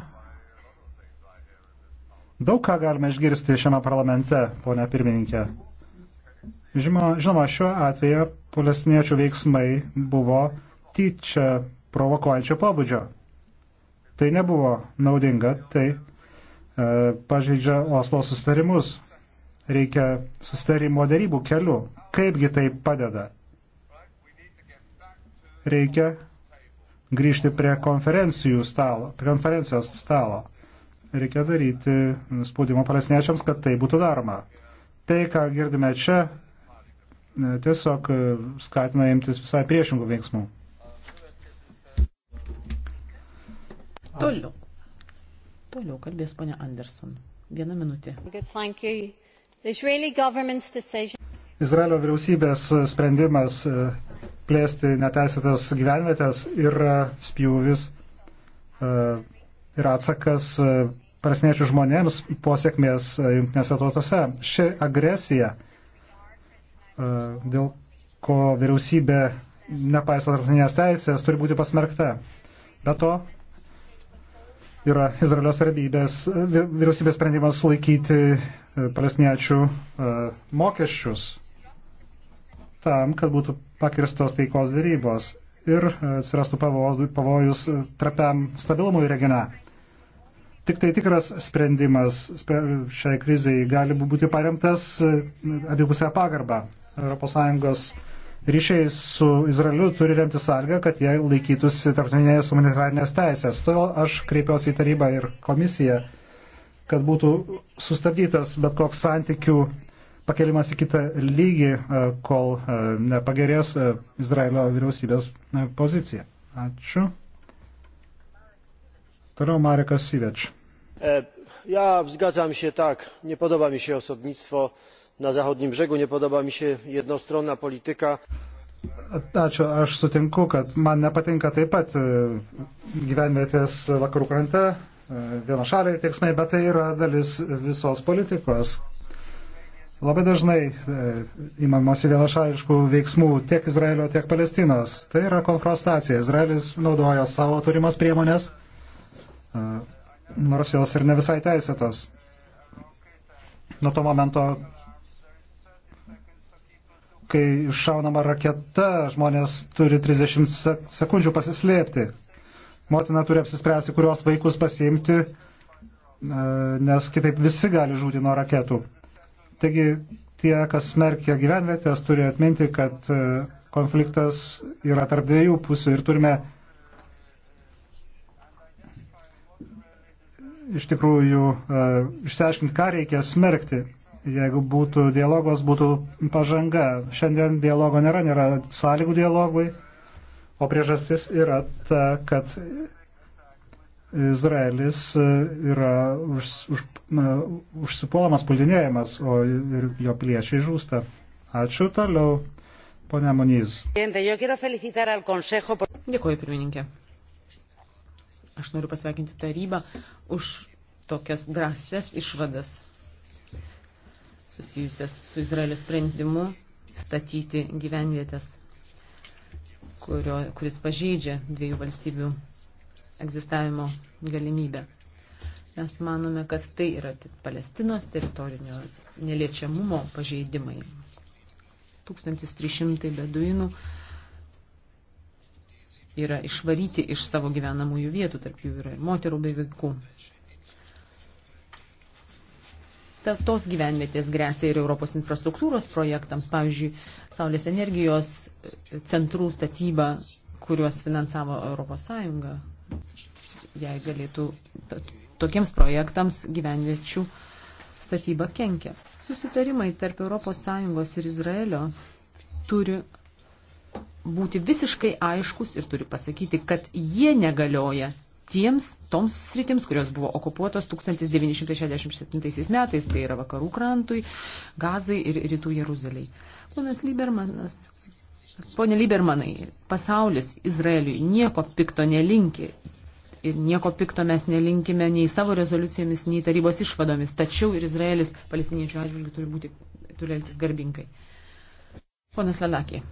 Daug ką galime išgirsti šiame parlamente, ponia pirmininkė. Žinoma, žinoma šiuo atveju palestiniečių veiksmai buvo tyčia provokuojančio pobūdžio. Tai nebuvo naudinga, tai e, pažeidžia Oslo sustarimus. Reikia sustarimo darybų kelių. Kaipgi tai padeda? Reikia grįžti prie konferencijų stalo, prie konferencijos stalo. Reikia daryti spaudimo palestiniečiams, kad tai būtų daroma. Tai, ką girdime čia, E, tiesiog e, skatina imtis visai priešingų veiksmų. Toliau. Toliau kalbės ponia Anderson. Viena minutė. Izraelio vyriausybės sprendimas e, plėsti neteisėtas gyvenvietės yra spjūvis ir atsakas prasniečių žmonėms po sėkmės jungtinėse tautose. Ši agresija E, dėl ko vyriausybė nepaiso tarptautinės teisės, turi būti pasmerkta. Be to, yra Izraelio sarybės, vyriausybės sprendimas sulaikyti e, palestiniečių e, mokesčius tam, kad būtų pakirstos taikos dėrybos ir atsirastų pavojus trapiam stabilumui regione. Tik tai tikras sprendimas šiai kriziai gali būti paremtas abipusę pagarbą. ES ryšiai su Izraeliu turi remti sąlygą, kad jie laikytųsi tarptautinės humanitarinės teisės. Todėl aš kreipiuosi į tarybą ir komisiją, kad būtų sustabdytas bet koks santykių pakelimas į kitą lygį, e, kol e, nepagerės e, Izraelio vyriausybės pozicija. Ačiū. Toliau Marekas Siveč. Ja zgadzam się tak, nie podoba mi się osadnictwo na zachodnim brzegu nie podoba mi się jednostronna polityka Ačiū, aš sutinku, kad man nepatinka taip pat e, gyvenvietės vakarų krante, e, vienašaliai tieksmai, bet tai yra dalis visos politikos. Labai dažnai įmamasi e, vienašališkų veiksmų tiek Izraelio, tiek Palestinos. Tai yra konfrontacija. Izraelis naudoja savo turimas priemonės, nors jos ir ne visai teisėtos. Nuo to momento, kai iššaunama raketa, žmonės turi 30 sekundžių pasislėpti. Motina turi apsispręsti, kurios vaikus pasiimti, e, nes kitaip visi gali žūti nuo raketų. Taigi tie, kas smerkia gyvenvietės, turi atminti, kad e, konfliktas yra tarp dviejų pusių ir turime iš tikrųjų e, išsiaiškinti, ką reikia smerkti jeigu būtų dialogos, būtų pažanga. Šiandien dialogo nėra, nėra sąlygų dialogui, o priežastis yra ta, kad Izraelis yra už, už, na, užsipuolamas, pulinėjimas, o ir jo piliečiai žūsta. Ačiū toliau, ponia Monys. Dėkuoju, pirmininkė. Aš noriu pasveikinti tarybą už tokias drąsias išvadas susijusias su Izraelio sprendimu statyti gyvenvietės, kurio, kuris pažeidžia dviejų valstybių egzistavimo galimybę. Mes manome, kad tai yra Palestinos teritorinio neliečiamumo pažeidimai. 1300 beduinų yra išvaryti iš savo gyvenamųjų vietų, tarp jų yra ir moterų bei vaikų. tos gyvenvietės grėsia ir Europos infrastruktūros projektams, pavyzdžiui, Saulės energijos centrų statyba, kuriuos finansavo Europos Sąjunga. Jei galėtų tokiems projektams gyvenviečių statyba kenkia. Susitarimai tarp ES ir Izraelio turi būti visiškai aiškus ir turi pasakyti, kad jie negalioja tiems, toms sritims, kurios buvo okupuotos 1967 metais, tai yra vakarų krantui, Gazai ir rytų Jeruzaliai. Ponas Libermanas. Pone Libermanai, pasaulis Izraeliui nieko pikto nelinki ir nieko pikto mes nelinkime nei savo rezoliucijomis, nei tarybos išvadomis, tačiau ir Izraelis palestiniečių atžvilgių turi būti, turi elgtis garbingai. Ponas Lalakė.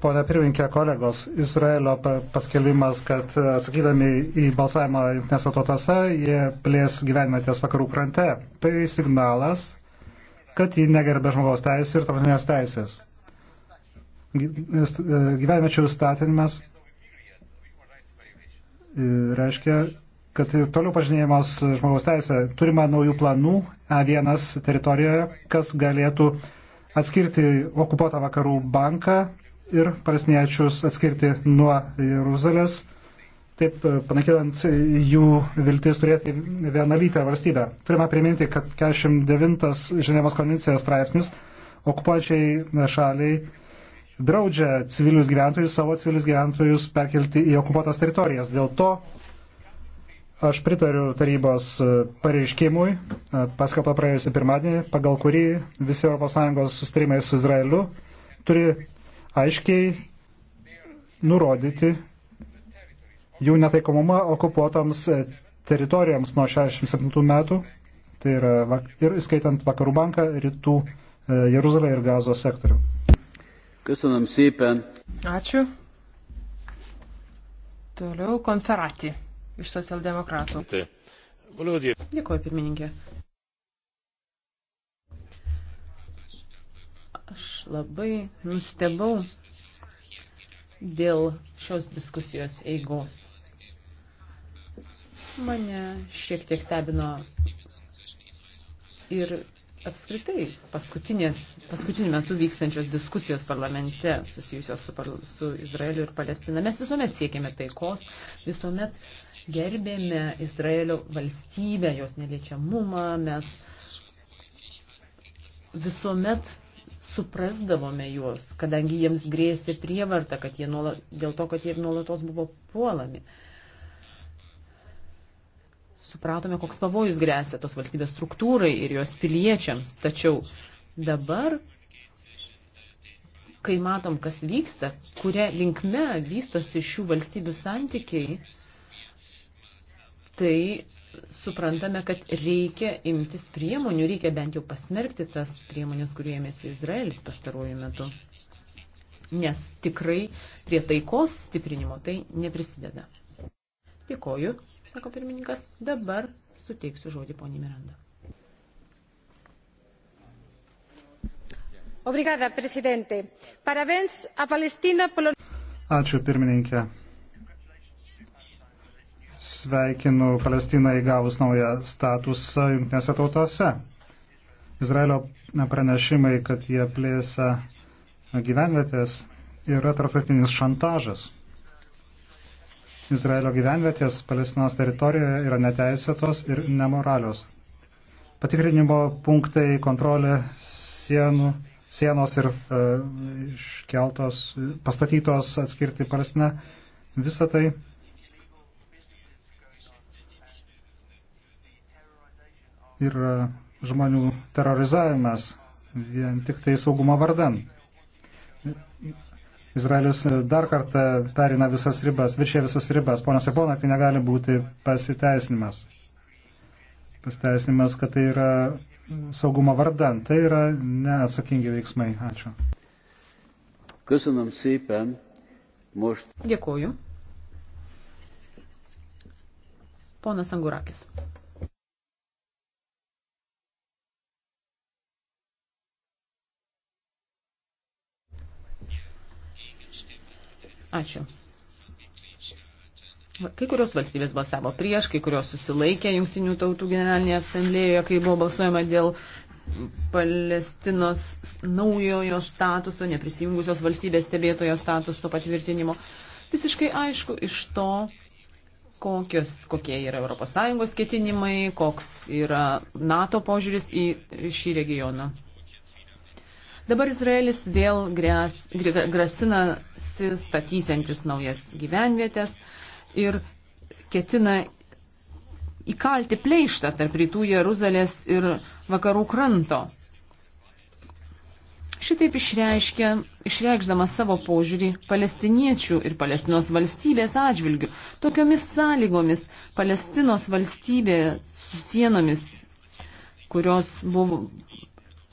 Pone pirminkė, kolegos, Izraelio paskelbimas, kad e, atsakydami į balsavimą jungtinėse tautose, jie plės gyvenvietės vakarų krante. Tai signalas, kad ji negerbė žmogaus teisų ir tarptautinės teisės. E, e, gyvenviečių statinimas reiškia, kad toliau pažinėjimas žmogaus teisė. Turime naujų planų A1 teritorijoje, kas galėtų atskirti okupuotą vakarų banką ir palestiniečius atskirti nuo Jeruzalės, taip e, panakinant jų viltis turėti vienalytę valstybę. Turime priminti, kad 49 Ženevos konvencijos straipsnis okupuočiai šaliai draudžia civilius gyventojus, savo civilius gyventojus perkelti į okupuotas teritorijas. Dėl to aš pritariu tarybos e, pareiškimui, e, paskelbtą praėjusį pirmadienį, pagal kurį visi ES sustarimai su Izraeliu turi aiškiai nurodyti jų netaikomumą okupuotoms e, teritorijoms nuo 67 metų, tai yra ir įskaitant Vakarų banką, rytų e, Jeruzalę ir Gazo sektorių. Köszönöm szépen. Ačiū. Toliau konferatį iš socialdemokratų. Dėkuoju, pirmininkė. Aš labai nustebau dėl šios diskusijos eigos. Mane šiek tiek stebino ir apskritai paskutiniu metu vykstančios diskusijos parlamente susijusios su, su Izraeliu ir Palestina. Mes visuomet siekėme taikos, visuomet gerbėme Izraelio valstybę, jos neliečiamumą, mes visuomet suprasdavome juos, kadangi jiems grėsė prievarta, kad jie nuolat, dėl to, kad jie nuolatos buvo puolami. Supratome, koks pavojus grėsia tos valstybės struktūrai ir jos piliečiams. Tačiau dabar, kai matom, kas vyksta, kuria linkme vystosi šių valstybių santykiai, tai suprantame, kad reikia imtis priemonių, reikia bent jau pasmerkti tas priemonės, kuriuo ėmėsi Izraelis pastaruoju metu. Nes tikrai prie taikos stiprinimo tai neprisideda. Dėkoju, sako pirmininkas. Dabar suteiksiu žodį poniai Miranda. Obrigada, prezidente. Parabens a Palestina. Polo... Ačiū, pirmininkė sveikinu Palestiną įgavus naują statusą jungtinėse tautose. Izraelio pranešimai, kad jie plėsia gyvenvietės, yra tarptautinis šantažas. Izraelio gyvenvietės Palestinos teritorijoje yra neteisėtos ir nemoralios. Patikrinimo punktai, kontrolė sienų, sienos ir e, iškeltos, pastatytos atskirti Palestiną, visa tai yra e, žmonių terorizavimas vien tik tai saugumo vardan. Izraelis e, dar kartą perina visas ribas, viršė visas ribas. Ponas ir ponai, tai negali būti pasiteisinimas. Pasiteisinimas, kad tai yra saugumo vardan. Tai yra neatsakingi veiksmai. Ačiū. Köszönöm szépen. Most... Dėkuoju. Ponas Angurakis. Ačiū. Kai kurios valstybės balsavo prieš, kai kurios susilaikė Junktinių tautų generalinėje asamblėjoje, kai buvo balsuojama dėl Palestinos naujojo statuso, neprisijungusios valstybės stebėtojo statuso patvirtinimo. Visiškai aišku iš to, kokios, kokie yra ES ketinimai, koks yra NATO požiūris į šį regioną. Dabar Izraelis vėl grės, grasinasi statysiantis naujas gyvenvietės ir ketina įkalti pleištą tarp rytų Jeruzalės ir vakarų kranto. Šitaip išreiškia, išreikšdamas savo požiūrį palestiniečių ir Palestinos valstybės atžvilgių. Tokiomis sąlygomis Palestinos valstybė su sienomis, kurios buvo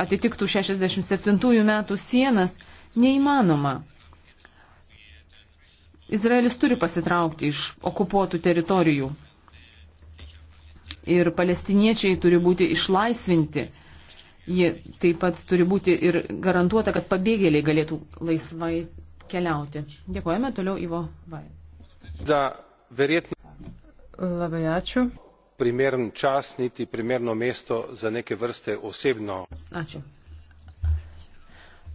atitiktų 67 metų sienas, neįmanoma. Izraelis turi pasitraukti iš okupuotų teritorijų. Ir palestiniečiai turi būti išlaisvinti. Jie taip pat turi būti ir garantuota, kad pabėgėliai galėtų laisvai keliauti. Dėkojame toliau Ivo Vai. Labai ačiū primeren čas niti primerno mesto za neke vrste osebno. Ačiū.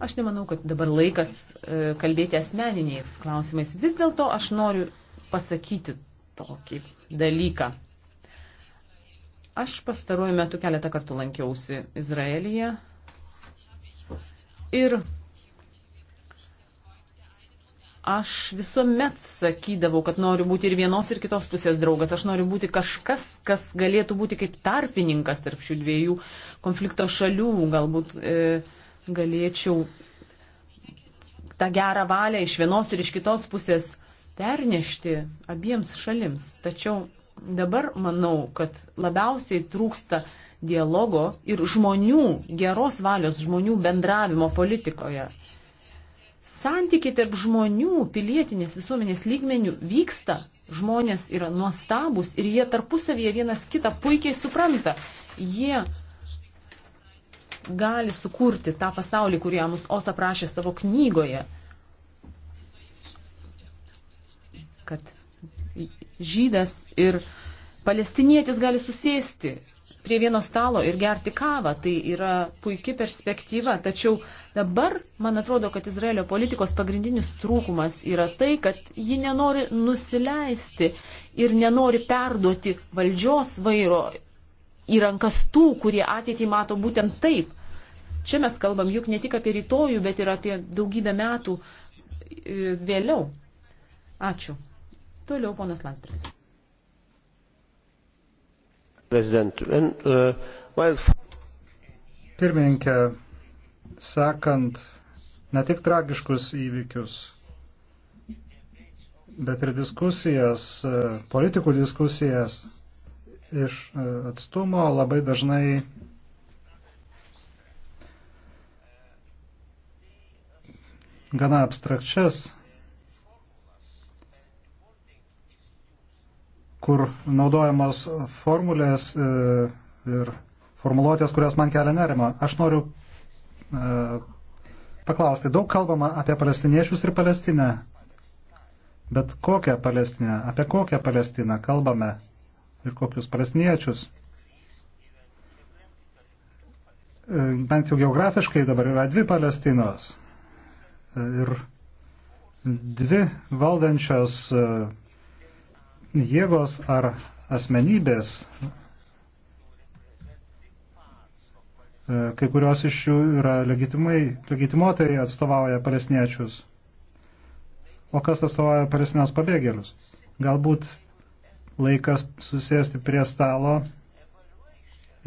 Aš nemanau, kad dabar laikas e, kalbėti asmeniniais klausimais. Vis dėlto aš noriu pasakyti tokį dalyką. Aš pastaruoju metu keletą kartų lankiausi Izraelyje ir Aš visuomet sakydavau, kad noriu būti ir vienos, ir kitos pusės draugas. Aš noriu būti kažkas, kas galėtų būti kaip tarpininkas tarp šių dviejų konflikto šalių. Galbūt e, galėčiau tą gerą valią iš vienos ir iš kitos pusės pernešti abiems šalims. Tačiau dabar manau, kad labiausiai trūksta dialogo ir žmonių, geros valios žmonių bendravimo politikoje santykiai tarp žmonių, pilietinės visuomenės lygmenių vyksta, žmonės yra nuostabus ir jie tarpusavyje vienas kitą puikiai supranta. Jie gali sukurti tą pasaulį, kurį mus Osa prašė savo knygoje. Kad žydas ir palestinietis gali susėsti prie vieno stalo ir gerti kavą. Tai yra puikia perspektyva. Tačiau dabar, man atrodo, kad Izraelio politikos pagrindinis trūkumas yra tai, kad ji nenori nusileisti ir nenori perduoti valdžios vairo į rankas tų, kurie ateitį mato būtent taip. Čia mes kalbam juk ne tik apie rytojų, bet ir apie daugybę metų e, vėliau. Ačiū. Toliau ponas Landsbergis. Uh, Pirmininkė, sekant ne tik tragiškus įvykius, bet ir diskusijas, e, politikų diskusijas iš e, atstumo labai dažnai gana abstrakčias kur naudojamos formulės e, ir formuluotės, kurios man kelia nerima. Aš noriu e, paklausti, daug kalbama apie palestiniečius ir Palestinę, bet kokią Palestinę, apie kokią Palestiną kalbame ir kokius palestiniečius. E, bent jau geografiškai dabar yra dvi Palestinos ir dvi valdančios jėgos ar asmenybės, e, kai kurios iš jų yra legitimuotai atstovauja palestiniečius. O kas atstovauja palestinos pabėgėlius? Galbūt laikas susėsti prie stalo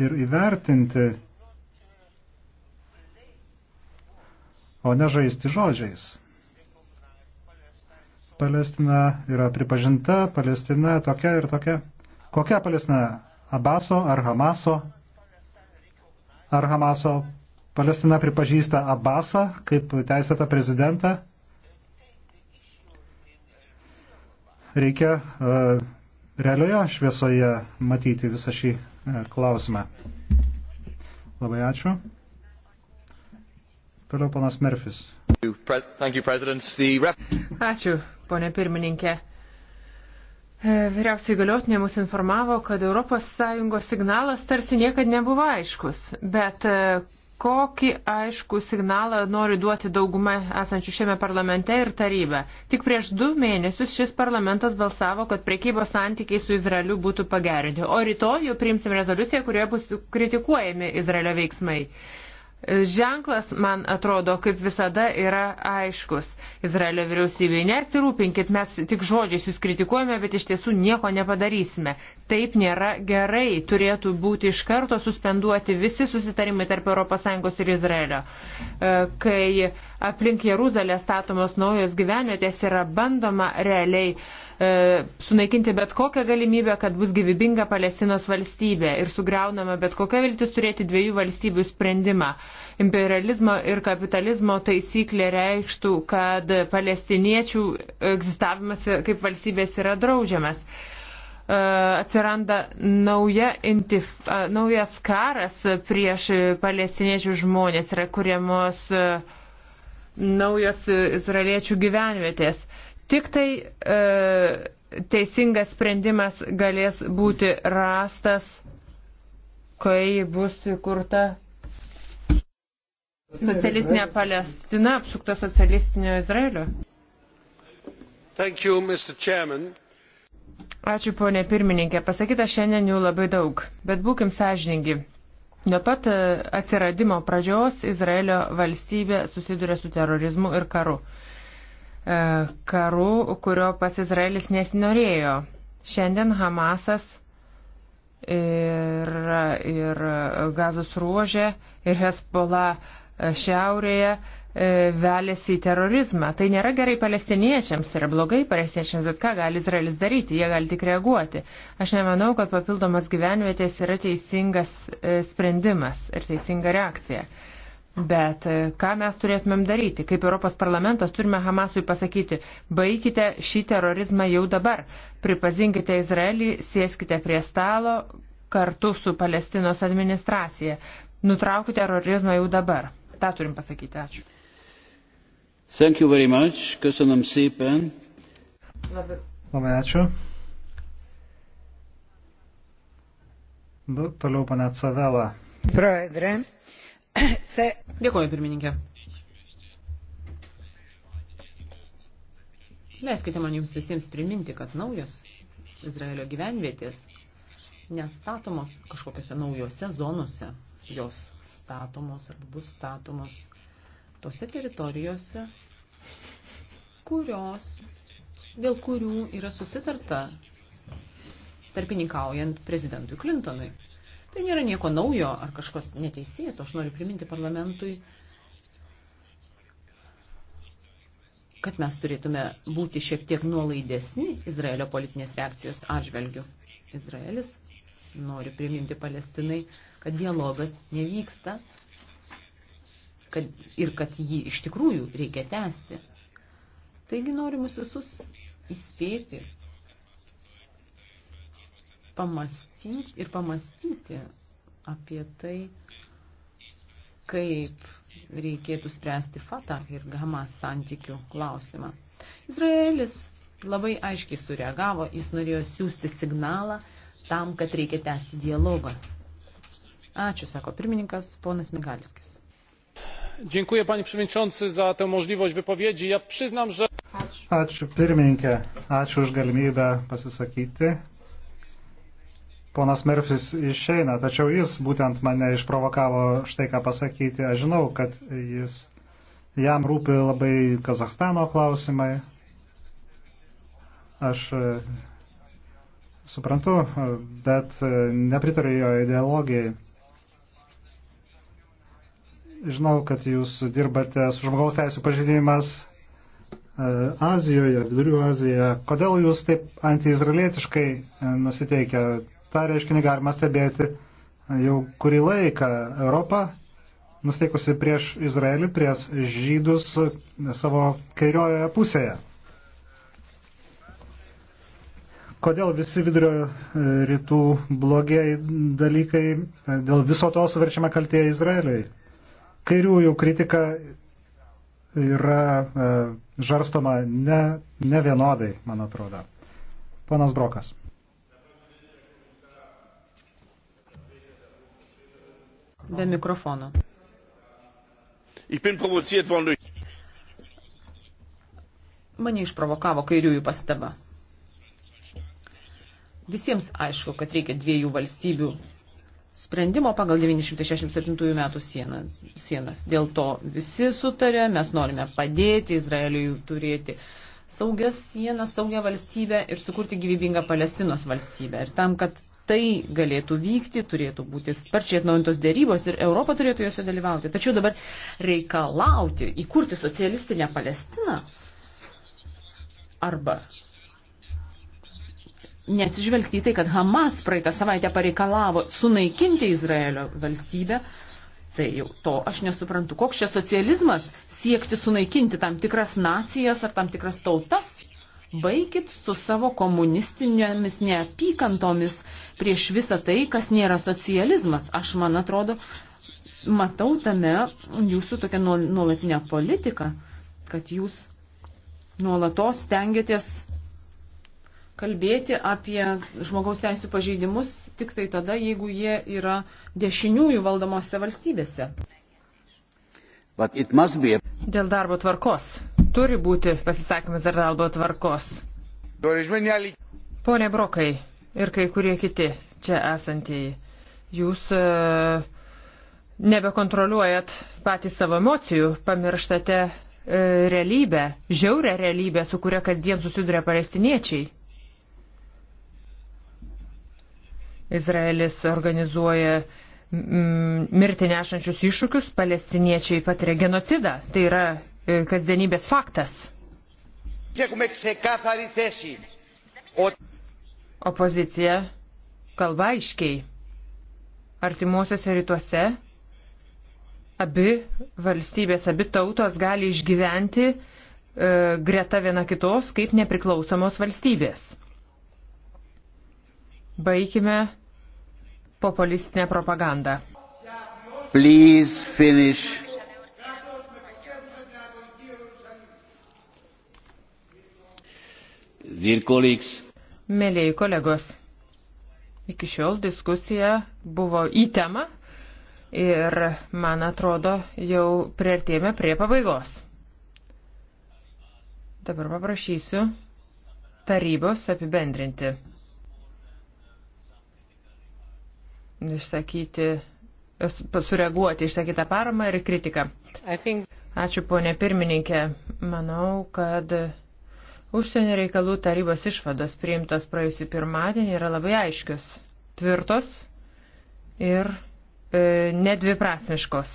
ir įvertinti, o ne žaisti žodžiais. Palestina yra pripažinta, Palestina tokia ir tokia. Kokia Palestina? Abaso ar Hamaso? Ar Hamaso Palestina pripažįsta Abasą kaip teisėtą prezidentą? Reikia uh, realioje šviesoje matyti visą šį uh, klausimą. Labai ačiū. Toliau panas Merfis. Ačiū ponė pirmininkė. Vyriausiai galiotinė mus informavo, kad ES signalas tarsi niekad nebuvo aiškus, bet e, kokį aišku signalą nori duoti dauguma esančių šiame parlamente ir taryba. Tik prieš du mėnesius šis parlamentas balsavo, kad priekybos santykiai su Izraeliu būtų pagerinti, o rytoj jau priimsim rezoliuciją, kurioje bus kritikuojami Izraelio veiksmai ženklas, man atrodo, kaip visada yra aiškus. Izraelio vyriausybei nesirūpinkit, mes tik žodžiais jūs kritikuojame, bet iš tiesų nieko nepadarysime. Taip nėra gerai, turėtų būti iš karto suspenduoti visi susitarimai tarp ES ir Izraelio. E, kai aplink Jeruzalę statomos naujos gyvenvietės yra bandoma realiai E, sunaikinti bet kokią galimybę, kad bus gyvybinga Palestinos valstybė ir sugriaunama bet kokia viltis turėti dviejų valstybių sprendimą. Imperializmo ir kapitalizmo taisyklė reikštų, kad palestiniečių egzistavimas kaip valstybės yra draudžiamas. E, atsiranda nauja intif, naujas karas prieš palestiniečių žmonės, yra kuriamos e, naujos izraeliečių gyvenvietės. Uh, Tik tai e, teisingas sprendimas galės būti rastas, kai bus įkurta socialistinė Palestina, apsukta socialistinio Izraelio. Thank you, Mr. Chairman. Ačiū, ponė pirmininkė. Pasakyta šiandien jų labai daug, bet būkim sąžiningi. Nuo pat e, atsiradimo pradžios Izraelio valstybė susiduria su terorizmu ir karu. E, karu, kurio pats Izraelis nesinorėjo. Šiandien Hamasas ir, ir gazos ruožė ir Hezbollah e, šiaurėje e, velėsi į terorizmą. Tai nėra gerai palestiniečiams, tai yra blogai palestiniečiams, bet ką gali Izraelis daryti, jie gali tik reaguoti. Aš nemanau, kad papildomas gyvenvietės yra teisingas sprendimas ir teisinga reakcija. Bet e, ką mes turėtumėm daryti? Kaip Europos parlamentas turime Hamasui pasakyti, baikite šį terorizmą jau dabar, pripazinkite Izraelį, sėskite prie stalo kartu su Palestinos administracija, nutraukite terorizmą jau dabar. Ta turim pasakyti. Ačiū. Thank you very much. Köszönöm szépen. Labai, Labai ačiū. Du, nu, toliau pane Cavela. Praedre. *coughs* Dėkuoju, pirmininkė. Leiskite man jums visiems priminti, kad naujos Izraelio gyvenvietės nestatomos kažkokiose naujose zonose. Jos statomos arba bus statomos tose teritorijose, kurios, dėl kurių yra susitarta tarpininkaujant prezidentui Clintonui. Tai nėra nieko naujo ar kažkas neteisėto. Aš noriu priminti parlamentui, kad mes turėtume būti šiek tiek nuolaidesni Izraelio politinės reakcijos atžvelgiu. Izraelis nori priminti Palestinai, kad dialogas nevyksta kad, ir kad jį iš tikrųjų reikia tęsti. Taigi noriu mus visus įspėti, pamastyti ir pamastyti apie tai, kaip reikėtų spręsti Fatah ir Hamas santykių klausimą. Izraelis labai aiškiai sureagavo, jis norėjo siūsti signalą tam, kad reikia tęsti dialogą. Ačiū, sako pirmininkas ponas Migalskis. Dziękuję panie przewodniczący za tę możliwość wypowiedzi. Ja przyznam, że Ačiū pirmininkė, ačiū už galimybę pasisakyti ponas Merfis išeina, tačiau jis būtent mane išprovokavo štai ką pasakyti. Aš žinau, kad jis, jam rūpi labai Kazakstano klausimai. Aš e, suprantu, e, bet e, nepritariu jo ideologijai. Žinau, kad jūs dirbate su žmogaus teisų pažinimas Azijoje, Vidurių Azijoje. Kodėl jūs taip antiizraelietiškai nusiteikia tą reiškinį galima stebėti jau kurį laiką. Europa nusteikusi prieš Izraelį, prieš žydus savo kairiojoje pusėje. Kodėl visi vidurio e, rytų blogiai dalykai, e, dėl viso to suverčiama kaltė Izraeliui? Kairiųjų kritika yra e, žarstoma ne, ne vienodai, man atrodo. Ponas Brokas. Be mikrofono. Mane išprovokavo kairiųjų pastaba. Visiems aišku, kad reikia dviejų valstybių sprendimo pagal 967 metų sieną, sienas. Dėl to visi sutarė, mes norime padėti Izraeliui turėti saugią sieną, saugią valstybę ir sukurti gyvybingą Palestinos valstybę. Ir tam, kad tai galėtų vykti, turėtų būti sparčiai atnaujintos dėrybos ir Europa turėtų juose dalyvauti. Tačiau dabar reikalauti įkurti socialistinę Palestiną arba neatsižvelgti į tai, kad Hamas praeitą savaitę pareikalavo sunaikinti Izraelio valstybę. Tai jau to aš nesuprantu. Koks čia socializmas siekti sunaikinti tam tikras nacijas ar tam tikras tautas Baikit su savo komunistinėmis neapykantomis prieš visą tai, kas nėra socializmas. Aš, man atrodo, matau tame jūsų tokią nuolatinę politiką, kad jūs nuolatos tengiatės kalbėti apie žmogaus teisų pažeidimus tik tai tada, jeigu jie yra dešiniųjų valdomose valstybėse. Be... Dėl darbo tvarkos. Turi būti pasisakymas dėl darbo tvarkos. Pone Brokai ir kai kurie kiti čia esantieji, jūs uh, nebekontroliuojat patys savo emocijų, pamirštate uh, realybę, žiaurę realybę, su kuria kasdien susiduria palestiniečiai. Izraelis organizuoja uh, mirti nešančius iššūkius, palestiniečiai patiria genocidą. Tai yra e, kasdienybės faktas. Opozicija kalba aiškiai. Artimuosiuose rytuose abi valstybės, abi tautos gali išgyventi e, greta viena kitos kaip nepriklausomos valstybės. Baigime populistinę propagandą. Please finish. Mėlyjei kolegos, iki šiol diskusija buvo į temą ir, man atrodo, jau prieartėjome prie pabaigos. Dabar paprašysiu tarybos apibendrinti. išsakyti, sureaguoti išsakytą paramą ir kritiką. Think... Ačiū, ponė pirmininkė. Manau, kad užsienio reikalų tarybos išvados priimtos praėjusį pirmadienį yra labai aiškios, tvirtos ir e, nedviprasmiškos.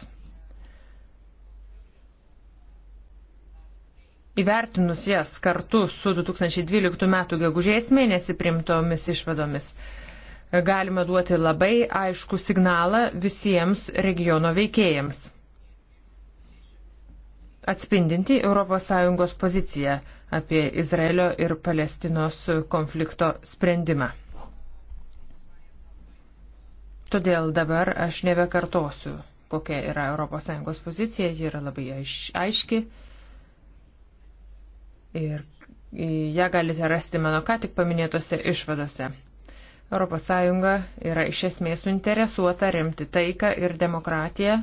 Įvertinus jas kartu su 2012 m. gegužės mėnesį primtomis išvadomis, galime duoti labai aišku signalą visiems regiono veikėjams, atspindinti ES poziciją apie Izraelio ir Palestinos konflikto sprendimą. Todėl dabar aš nebekartosiu, kokia yra ES pozicija, ji yra labai aiški ir ją galite rasti mano ką tik paminėtose išvadose. ES yra iš esmės suinteresuota remti taiką ir demokratiją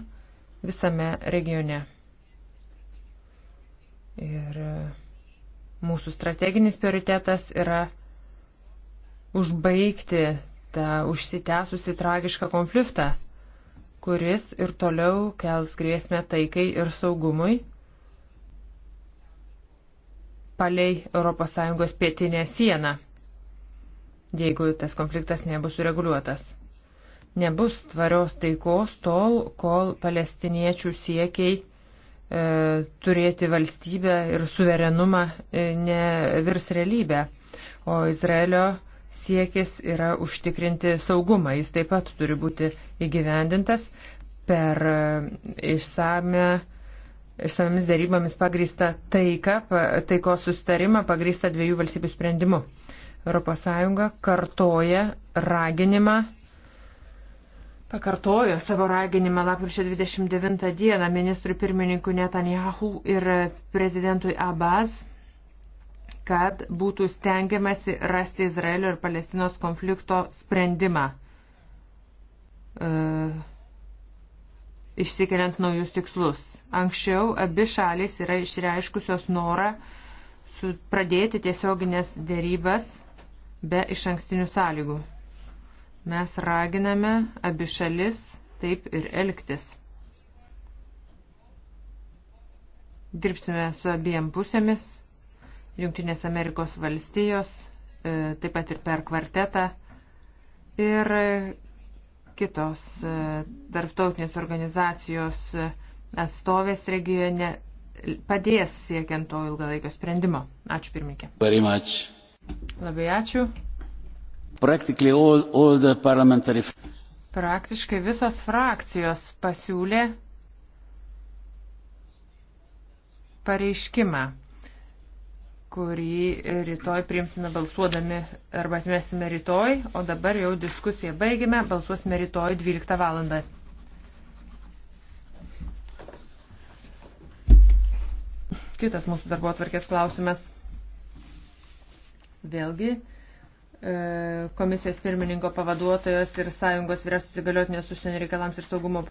visame regione. Ir e, mūsų strateginis prioritetas yra užbaigti tą užsitęsusi tragišką konfliktą, kuris ir toliau kels grėsmę taikai ir saugumui palei ES pietinę sieną jeigu tas konfliktas nebus sureguliuotas. Nebus tvarios taikos tol, kol palestiniečių siekiai e, turėti valstybę ir suverenumą e, nevirs realybę. O Izraelio siekis yra užtikrinti saugumą. Jis taip pat turi būti įgyvendintas per e, išsame išsamiamis darybomis pagrįsta taika, taikos sustarimą pagrįsta dviejų valstybių sprendimu. ES kartoja raginimą, pakartojo savo raginimą lapkričio 29 dieną ministrui pirmininkui Netanyahu ir prezidentui Abbas, kad būtų stengiamasi rasti Izraelio ir Palestinos konflikto sprendimą. Uh, išsikeliant naujus tikslus. Anksčiau abi šalis yra išreiškusios norą pradėti tiesioginės dėrybas be iš ankstinių sąlygų. Mes raginame abi šalis taip ir elgtis. Dirbsime su abiem pusėmis. Junktinės Amerikos valstijos, e, taip pat ir per kvartetą ir kitos e, tarptautinės organizacijos atstovės regione padės siekiant to ilgalaikio sprendimo. Ačiū pirmininkė. Labai ačiū. All, all parliamentary... Praktiškai visos frakcijos pasiūlė pareiškimą, kurį rytoj priimsime balsuodami arba atmesime rytoj, o dabar jau diskusiją baigime, balsuosime rytoj 12 valandą. Kitas mūsų darbo atvarkės klausimas. Vėlgi, e, komisijos pirmininko pavaduotojas ir sąjungos vyriausios įgaliotinės užsienio reikalams ir saugumo